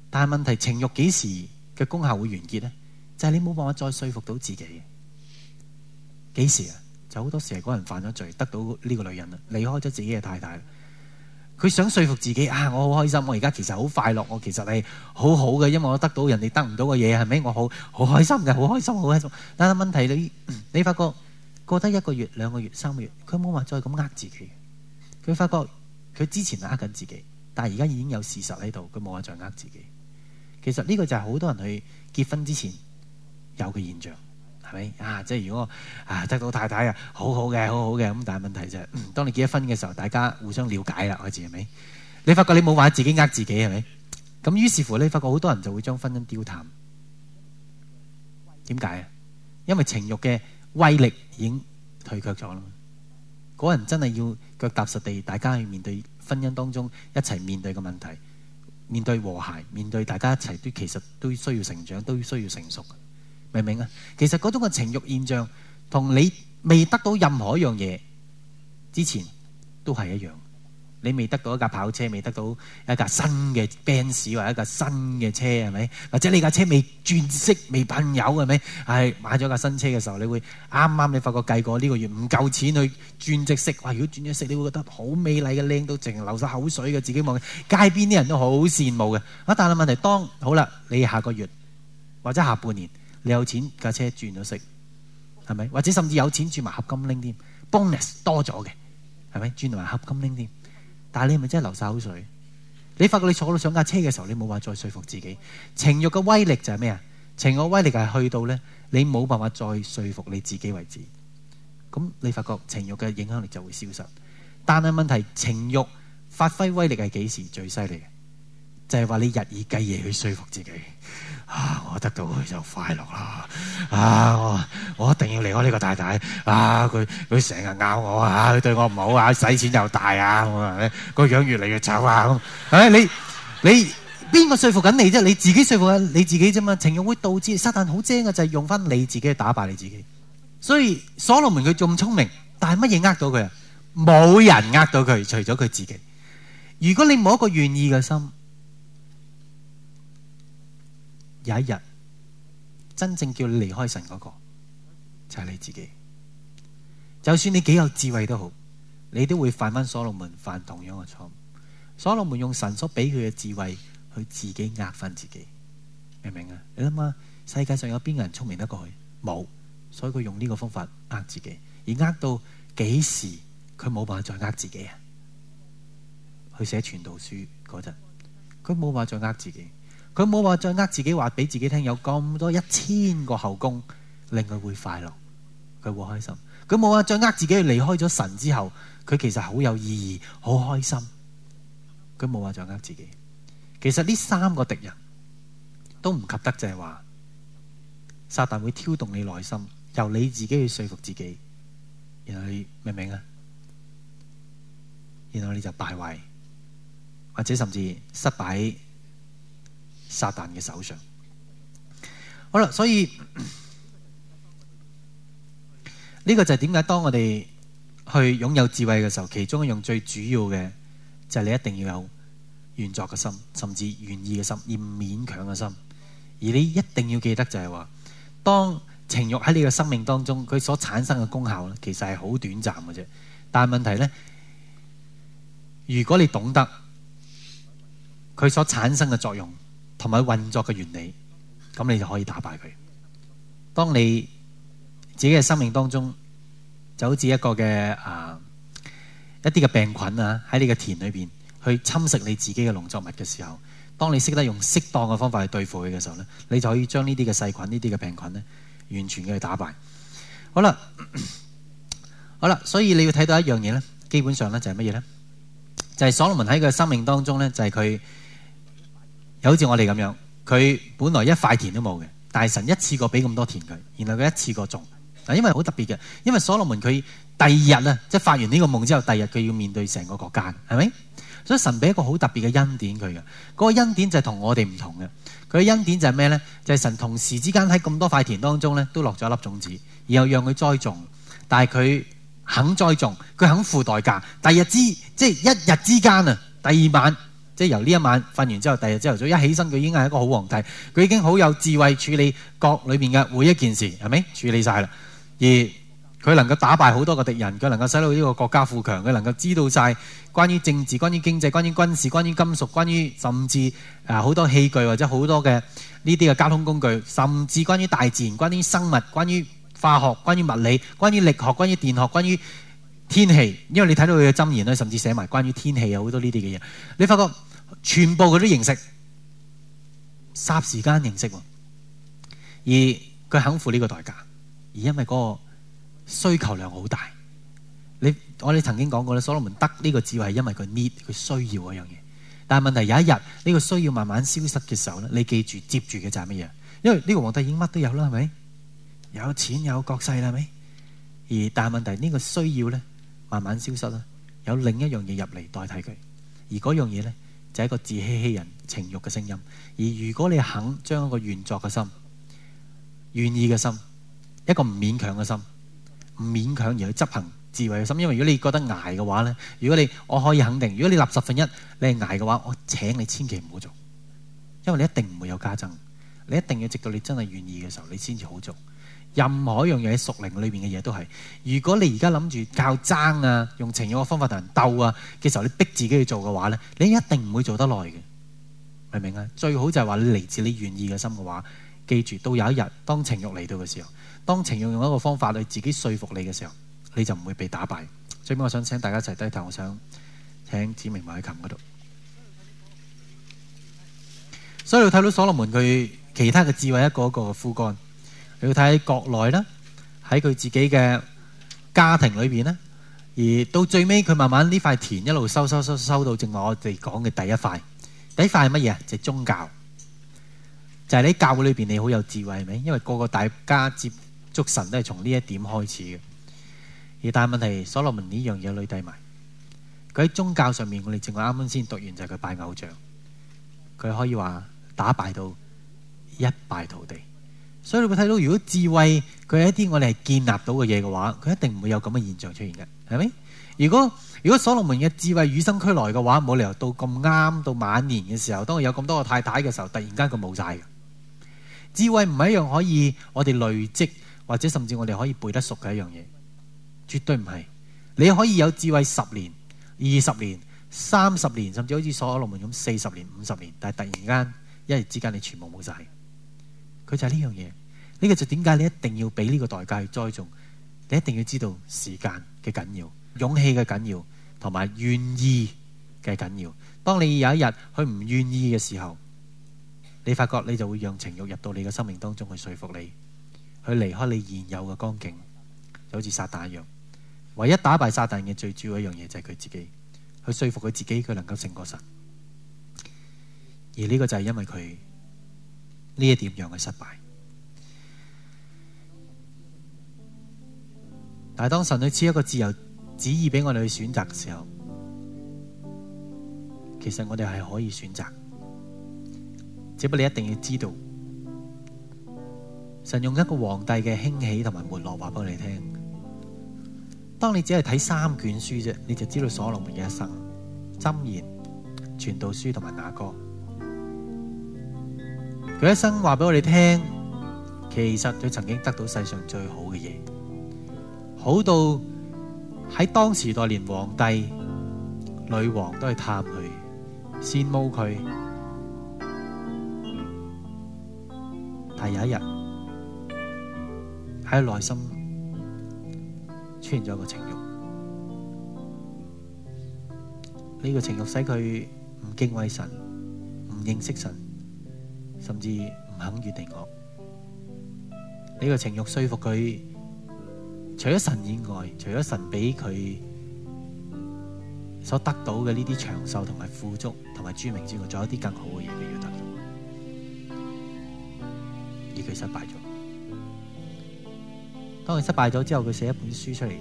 S1: 但係問題，情欲幾時嘅功效會完結呢？就係、是、你冇辦法再說服到自己嘅幾時啊？就好多時係嗰人犯咗罪，得到呢個女人啦，離開咗自己嘅太太。佢想說服自己啊！我好開心，我而家其實好快樂，我其實係好好嘅，因為我得到人哋得唔到嘅嘢，係咪？我好好開心嘅，好開心，好開心。但係問題你你發覺過得一個月、兩個月、三個月，佢冇話再咁呃自己。佢發覺佢之前係呃緊自己，但係而家已經有事實喺度，佢冇話再呃自己。其實呢個就係好多人去結婚之前有嘅現象。係咪啊？即係如果啊，得到太太啊，好好嘅，好好嘅。咁但係問題就係，嗯，當你結咗婚嘅時候，大家互相了解啦，我哋係咪？你發覺你冇話自己呃自己係咪？咁於是乎你發覺好多人就會將婚姻丟淡。點解啊？因為情慾嘅威力已經退卻咗啦。嗰人真係要腳踏實地，大家去面對婚姻當中一齊面對嘅問題，面對和諧，面對大家一齊都其實都需要成長，都需要成熟。明唔明啊？其實嗰種嘅情慾現象，同你未得到任何一樣嘢之前，都係一樣。你未得到一架跑車，未得到一架新嘅 Benz 或一架新嘅車，係咪？或者你架車未轉色未噴油，係咪？係、哎、買咗架新車嘅時候，你會啱啱你發覺計過呢、這個月唔夠錢去轉隻色。哇！如果轉隻色，你會覺得好美麗嘅靚到淨流晒口水嘅自己望街邊啲人都好羨慕嘅。啊！但係問題當好啦，你下個月或者下半年。你有錢架車轉咗息，係咪？或者甚至有錢轉埋合金鈴添，bonus 多咗嘅，係咪？轉埋合金鈴添，但你係咪真係流晒口水？你發覺你坐到上架車嘅時候，你冇話再説服自己。情欲嘅威力就係咩啊？情慾威力係去到咧，你冇辦法再説服你自己為止。咁你發覺情欲嘅影響力就會消失。但係問題情欲發揮威力係幾時最犀利？就係話你日以繼夜去説服自己。啊！我得到佢就快樂啦！啊！我我一定要離開呢個太太啊！佢佢成日咬我啊！佢對我唔好啊！使錢又大啊！個樣越嚟越醜啊！咁唉你你邊個說服緊你啫？你自己說服緊你自己啫嘛！情欲會導致撒旦好精嘅就係、是、用翻你自己去打敗你自己。所以所羅門佢仲聰明，但係乜嘢呃到佢啊？冇人呃到佢，除咗佢自己。如果你冇一個願意嘅心。有一日，真正叫你離開神嗰個，就係你自己。就算你幾有智慧都好，你都會犯翻所羅門犯同樣嘅錯誤。所羅門用神所俾佢嘅智慧去自己壓翻自己，明唔明啊？你諗下，世界上有邊個人聰明得過佢？冇，所以佢用呢個方法壓自己，而壓到幾時佢冇辦法再壓自己啊？去寫傳道書嗰陣，佢冇辦法再壓自己。佢冇話再呃自己話俾自己聽，有咁多一千個後宮令佢會快樂，佢會開心。佢冇話再呃自己離開咗神之後，佢其實好有意義，好開心。佢冇話再呃自己。其實呢三個敵人都唔及得就是說，就係話撒旦會挑動你內心，由你自己去說服自己，然後你明唔明啊？然後你就敗壞，壞，或者甚至失敗。撒旦嘅手上，好啦，所以呢、 這個就係點解當我哋去擁有智慧嘅時候，其中一樣最主要嘅就係你一定要有願作嘅心，甚至願意嘅心，而唔勉強嘅心。而你一定要記得就係話，當情欲喺你嘅生命當中，佢所產生嘅功效咧，其實係好短暫嘅啫。但係問題咧，如果你懂得佢所產生嘅作用。同埋運作嘅原理，咁你就可以打敗佢。當你自己嘅生命當中，就好似一個嘅啊一啲嘅病菌啊，喺你嘅田裏邊去侵蝕你自己嘅農作物嘅時候，當你識得用適當嘅方法去對付佢嘅時候呢，你就可以將呢啲嘅細菌、呢啲嘅病菌呢，完全嘅去打敗。好啦，好啦，所以你要睇到一樣嘢呢，基本上呢就係乜嘢呢？就係所羅門喺佢嘅生命當中呢，就係佢。又好似我哋咁樣，佢本來一塊田都冇嘅，但係神一次過俾咁多田佢，然後佢一次過種。嗱，因為好特別嘅，因為所羅門佢第二日啊，即係發完呢個夢之後，第二日佢要面對成個國家，係咪？所以神俾一個好特別嘅恩典佢嘅，嗰、那個恩典就係同我哋唔同嘅。佢嘅恩典就係咩呢？就係、是、神同時之間喺咁多塊田當中呢，都落咗一粒種子，然後讓佢栽種。但係佢肯栽種，佢肯付代價。第二之，即、就、係、是、一日之間啊，第二晚。即係由呢一晚瞓完之後，第二日朝頭早一起身，佢已經係一個好皇帝。佢已經好有智慧處理國裏面嘅每一件事，係咪處理晒啦？而佢能夠打敗好多個敵人，佢能夠使到呢個國家富強，佢能夠知道晒關於政治、關於經濟、關於軍事、關於金屬、關於甚至啊好多器具或者好多嘅呢啲嘅交通工具，甚至關於大自然、關於生物、關於化學、關於物理、關於力學、關於電學、關於天氣。因為你睇到佢嘅箴言啦，甚至寫埋關於天氣啊好多呢啲嘅嘢，你發覺。全部佢都認識，霎時間認識喎，而佢肯付呢個代價，而因為嗰個需求量好大。你我哋曾經講過咧，所羅門得呢個智慧係因為佢 need 佢需要嗰樣嘢，但係問題有一日呢個需要慢慢消失嘅時候咧，你記住接住嘅就係乜嘢？因為呢個皇帝已經乜都有啦，係咪有錢有國勢啦？係咪？而但係問題呢個需要咧慢慢消失啦，有另一樣嘢入嚟代替佢，而嗰樣嘢咧。就係一個自欺欺人、情慾嘅聲音。而如果你肯將一個願作嘅心、願意嘅心、一個唔勉強嘅心、唔勉強而去執行智慧嘅心，因為如果你覺得捱嘅話呢，如果你我可以肯定，如果你立十分一你係捱嘅話，我請你千祈唔好做，因為你一定唔會有加增，你一定要直到你真係願意嘅時候，你先至好做。任何一樣嘢，喺屬靈裏面嘅嘢都係。如果你而家諗住較爭啊，用情欲嘅方法同人鬥啊嘅時候，你逼自己去做嘅話呢，你一定唔會做得耐嘅，明唔明啊？最好就係話你嚟自你願意嘅心嘅話，記住到有一日，當情欲嚟到嘅時候，當情欲用一個方法嚟自己說服你嘅時候，你就唔會被打敗。最尾我想請大家一齊低頭，我想請子明埋喺琴嗰度。所以你睇到所羅門佢其他嘅智慧一個一個嘅枯乾。你要睇喺國內啦，喺佢自己嘅家庭裏邊呢，而到最尾佢慢慢呢塊田一路收收收收到，正我哋講嘅第一塊，第一塊係乜嘢啊？就係宗教，就係喺教會裏邊你好有智慧，係咪？因為個個大家接觸神都係從呢一點開始嘅。而但係問題，所羅門呢樣嘢累低埋，佢喺宗教上面，我哋正話啱啱先讀完就係佢拜偶像，佢可以話打敗到一敗塗地。所以你會睇到，如果智慧佢係一啲我哋係建立到嘅嘢嘅話，佢一定唔會有咁嘅現象出現嘅，係咪？如果如果所羅門嘅智慧與生俱來嘅話，冇理由到咁啱到晚年嘅時候，當佢有咁多個太太嘅時候，突然間佢冇晒嘅。智慧唔係一樣可以我哋累積，或者甚至我哋可以背得熟嘅一樣嘢，絕對唔係。你可以有智慧十年、二十年、三十年，甚至好似所羅門咁四十年、五十年，但係突然間一日之間你全部冇晒。佢就係呢樣嘢，呢個就點解你一定要俾呢個代價去栽種？你一定要知道時間嘅緊要、勇氣嘅緊要同埋願意嘅緊要。當你有一日佢唔願意嘅時候，你發覺你就會讓情欲入到你嘅生命當中去説服你，去離開你現有嘅光景，就好似撒旦一樣。唯一打敗撒旦嘅最主要一樣嘢就係佢自己去説服佢自己，佢能夠勝過神。而呢個就係因為佢。呢一點樣嘅失敗，但係當神女賜一個自由旨意俾我哋去選擇嘅時候，其實我哋係可以選擇，只不過你一定要知道，神用一個皇帝嘅興起同埋沒落話俾你聽。當你只係睇三卷書啫，你就知道所羅門嘅一生，箴言，傳道書同埋雅歌。佢一生話俾我哋聽，其實佢曾經得到世上最好嘅嘢，好到喺當時代連皇帝、女王都去探佢、羨慕佢。但有一日喺佢內心出現咗一個情欲，呢、這個情欲使佢唔敬畏神、唔認識神。甚至唔肯決定我呢、這個情欲說服佢，除咗神以外，除咗神俾佢所得到嘅呢啲長壽同埋富足同埋著名之外，仲有啲更好嘅嘢俾佢得到，而佢失敗咗。當佢失敗咗之後，佢寫一本書出嚟，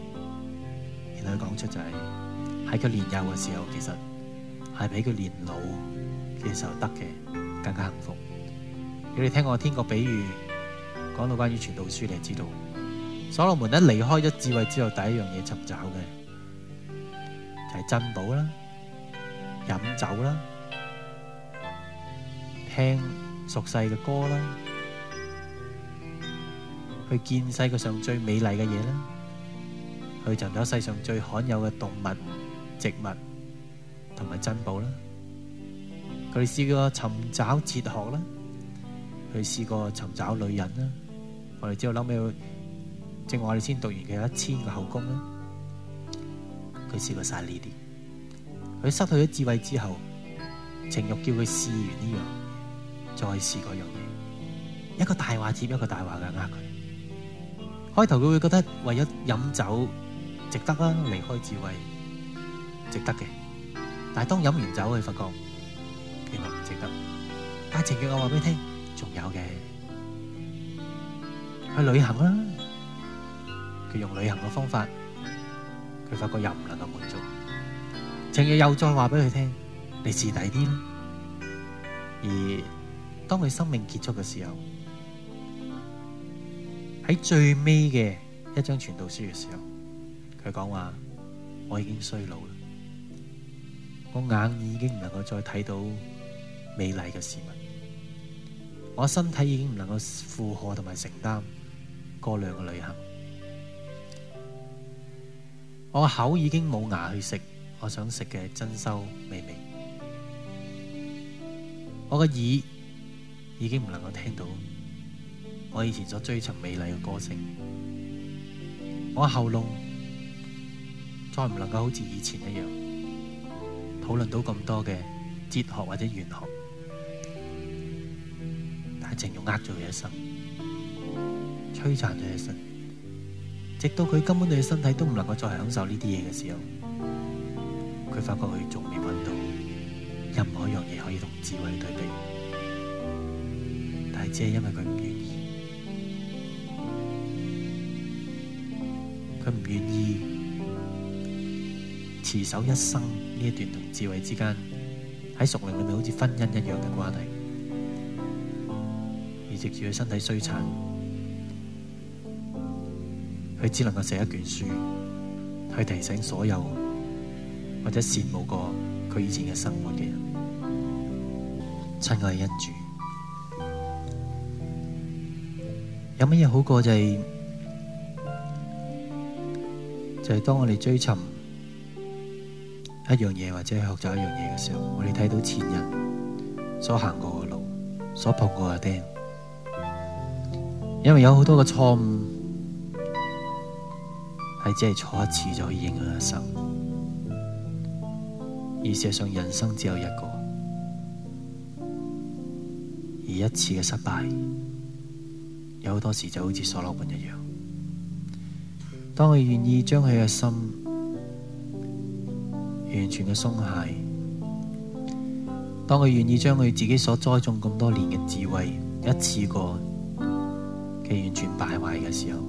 S1: 然後佢講出，就係喺佢年幼嘅時候，其實係比佢年老嘅時候得嘅更加幸福。你聽我聽個比喻，講到關於傳道書你就知道，所羅門一離開咗智慧之後，第一樣嘢尋找嘅就係珍寶啦、飲酒啦、聽熟悉嘅歌啦、去見世界上最美麗嘅嘢啦、去尋找世上最罕有嘅動物、植物同埋珍寶啦，佢哋試過尋找哲學啦。佢試過尋找女人啦，我哋之後諗起，正話我哋先讀完佢一千個後宮啦，佢試過晒呢啲，佢失去咗智慧之後，情慾叫佢試完呢樣，再試嗰樣嘢。一個大話接一個大話嘅呃佢，開頭佢會覺得為咗飲酒值得啊，離開智慧值得嘅，但係當飲完酒佢發覺原來唔值得，但係情慾我話俾你聽。仲有嘅，去旅行啦。佢用旅行嘅方法，佢發覺又唔能夠滿足。晴日又再話俾佢聽，你自大啲啦。而當佢生命結束嘅時候，喺最尾嘅一張傳道書嘅時候，佢講話：我已經衰老啦，我眼已經唔能夠再睇到美麗嘅事。我身體已經唔能夠負荷同埋承擔過量嘅旅行，我口已經冇牙去食我想食嘅珍饈美味，我個耳已經唔能夠聽到我以前所追尋美麗嘅歌聲，我喉嚨再唔能夠好似以前一樣討論到咁多嘅哲學或者玄學。情欲呃咗佢一生，摧殘咗一生，直到佢根本佢嘅身體都唔能夠再享受呢啲嘢嘅時候，佢發覺佢仲未揾到任何一樣嘢可以同智慧對比，但係只係因為佢唔願意，佢唔願意持守一生呢一段同智慧之間喺熟齡裏面好似婚姻一樣嘅關係。直至佢身體衰殘，佢只能夠寫一卷書，去提醒所有或者羨慕過佢以前嘅生活嘅人。親愛恩主，有乜嘢好過就係就係當我哋追尋一樣嘢或者去學習一樣嘢嘅時候，我哋睇到前人所行過嘅路，所碰過嘅釘。因為有好多嘅錯誤係只係錯一次就可以影響一生，而事實上人生只有一個，而一次嘅失敗，有好多時就好似所羅門一樣。當佢願意將佢嘅心完全嘅鬆懈，當佢願意將佢自己所栽種咁多年嘅智慧一次過。係完全敗壞嘅時候，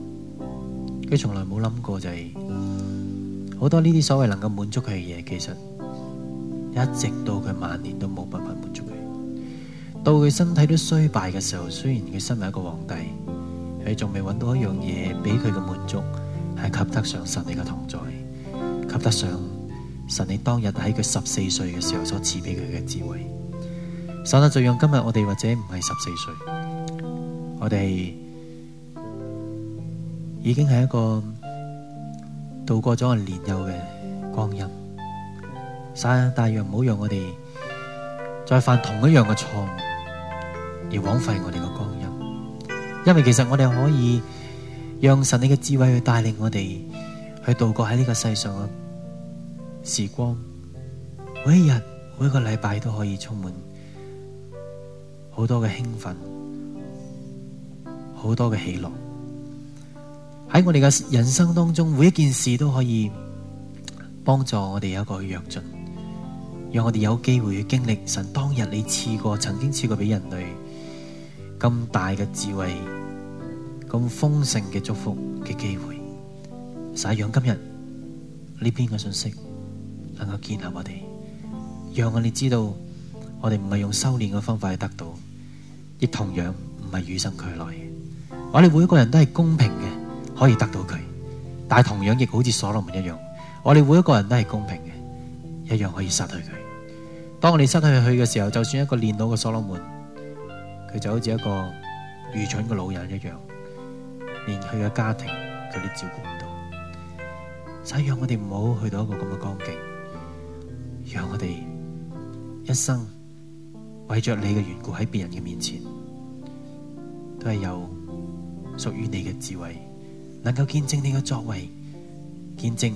S1: 佢從來冇諗過就係、是、好多呢啲所謂能夠滿足佢嘅嘢，其實一直到佢晚年都冇辦法滿足佢。到佢身體都衰敗嘅時候，雖然佢身為一個皇帝，佢仲未揾到一樣嘢俾佢嘅滿足，係及得上神你嘅同在，及得上神你當日喺佢十四歲嘅時候所賜俾佢嘅智慧。神啊，就用今日我哋或者唔係十四歲，我哋。已經是一個度過咗我哋年幼嘅光陰，但願唔好讓我哋再犯同一樣嘅錯誤，而枉費我哋嘅光陰。因為其實我哋可以讓神你嘅智慧去帶領我哋去度過喺呢個世上嘅時光，每一日、每一個禮拜都可以充滿好多嘅興奮，好多嘅喜樂。喺我哋嘅人生當中，每一件事都可以幫助我哋有一個躍進，讓我哋有機會去經歷神當日你賜過、曾經賜過畀人類咁大嘅智慧、咁豐盛嘅祝福嘅機會。是讓今日呢邊嘅信息能夠建立我哋，讓我哋知道我哋唔係用修煉嘅方法去得到，亦同樣唔係與生俱來嘅。我哋每一個人都係公平嘅。可以得到佢，但係同樣亦好似所羅門一樣，我哋每一個人都係公平嘅，一樣可以失去佢。當我哋失去佢嘅時候，就算一個練到嘅所羅門，佢就好似一個愚蠢嘅老人一樣，連佢嘅家庭佢都照顧唔到。所以讓我哋唔好去到一個咁嘅光景，讓我哋一生為着你嘅緣故喺別人嘅面前，都係有屬於你嘅智慧，能夠見證你嘅作為，見證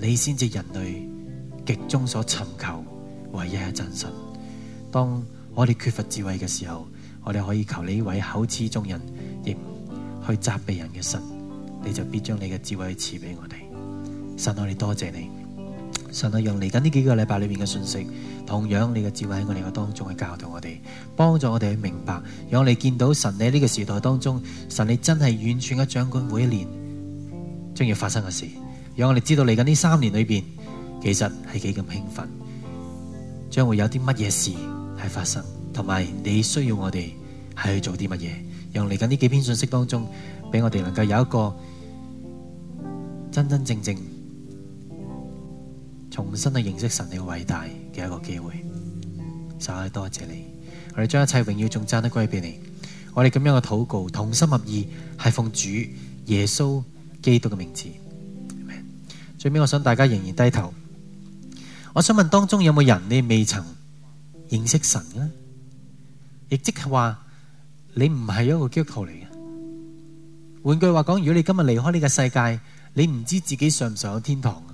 S1: 你先至係人類極中所尋求唯一嘅真神。當我哋缺乏智慧嘅時候，我哋可以求你一位厚賜眾人，亦唔去責備人嘅神，你就必將你嘅智慧賜俾我哋。神，我哋多謝你。神啊，用嚟緊呢幾個禮拜裏面嘅信息，同樣你嘅智慧喺我哋嘅當中去教導我哋，幫助我哋去明白，讓我哋見到神喺呢個時代當中，神你真係完全嘅掌管每一年將要發生嘅事，讓我哋知道嚟緊呢三年裏邊，其實係幾咁興奮，將會有啲乜嘢事係發生，同埋你需要我哋係去做啲乜嘢，用嚟緊呢幾篇信息當中，俾我哋能夠有一個真真正正，正。重新去認識神你嘅偉大嘅一個機會，神多謝你，我哋將一切榮耀總讚得歸俾你，我哋咁樣嘅禱告同心合意係奉主耶穌基督嘅名字。Amen。最尾我想大家仍然低頭，我想問當中有冇人你未曾認識神呢？亦即係話你唔係一個基督徒嚟嘅。換句話講，如果你今日離開呢個世界，你唔知自己上唔上天堂。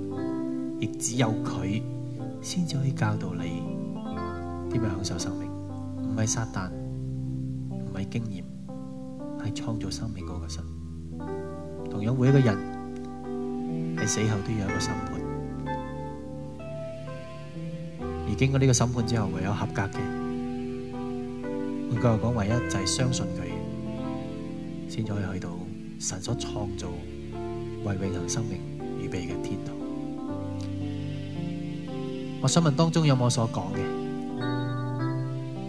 S1: 亦只有佢先至可以教導你點樣享受生命，唔係撒旦，唔係經驗，係創造生命嗰個神。同樣，每一個人喺死後都要有一個審判，而經過呢個審判之後，唯有合格嘅，換句話講，唯一就係相信佢，先至可以去到神所創造、為永恆生命預備嘅天堂。我想問當中有冇我所講嘅？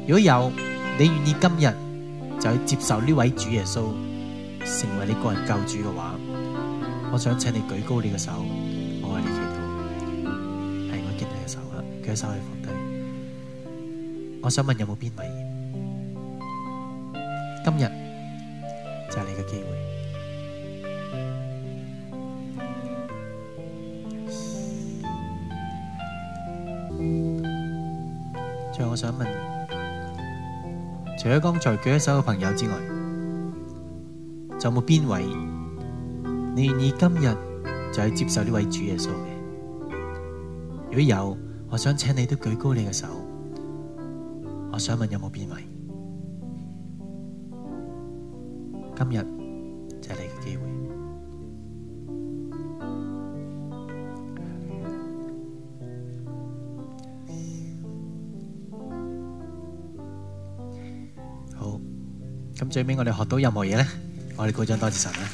S1: 如果有，你願意今日就去接受呢位主耶穌成為你個人救主嘅話，我想請你舉高你嘅手，我為你祈禱。係、哎、我舉你的手啦，舉手去放低。我想問有冇邊位？除舉一手嘅朋友之外，有冇邊位你願意今日就去接受呢位主耶穌嘅？如果有，我想請你都舉高你嘅手。我想問有冇邊位今日？最尾我哋學到任何嘢咧，我哋鼓掌多謝神啦！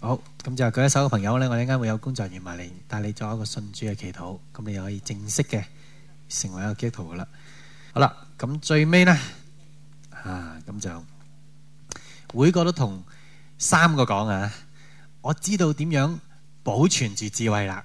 S1: 好，咁就舉一手嘅朋友咧，我哋陣間會有工作人員埋嚟帶你做一個信主嘅祈禱，咁你又可以正式嘅成為一個基督徒噶啦。好啦，咁最尾咧啊，咁就每個都同三個講啊，我知道點樣保存住智慧啦。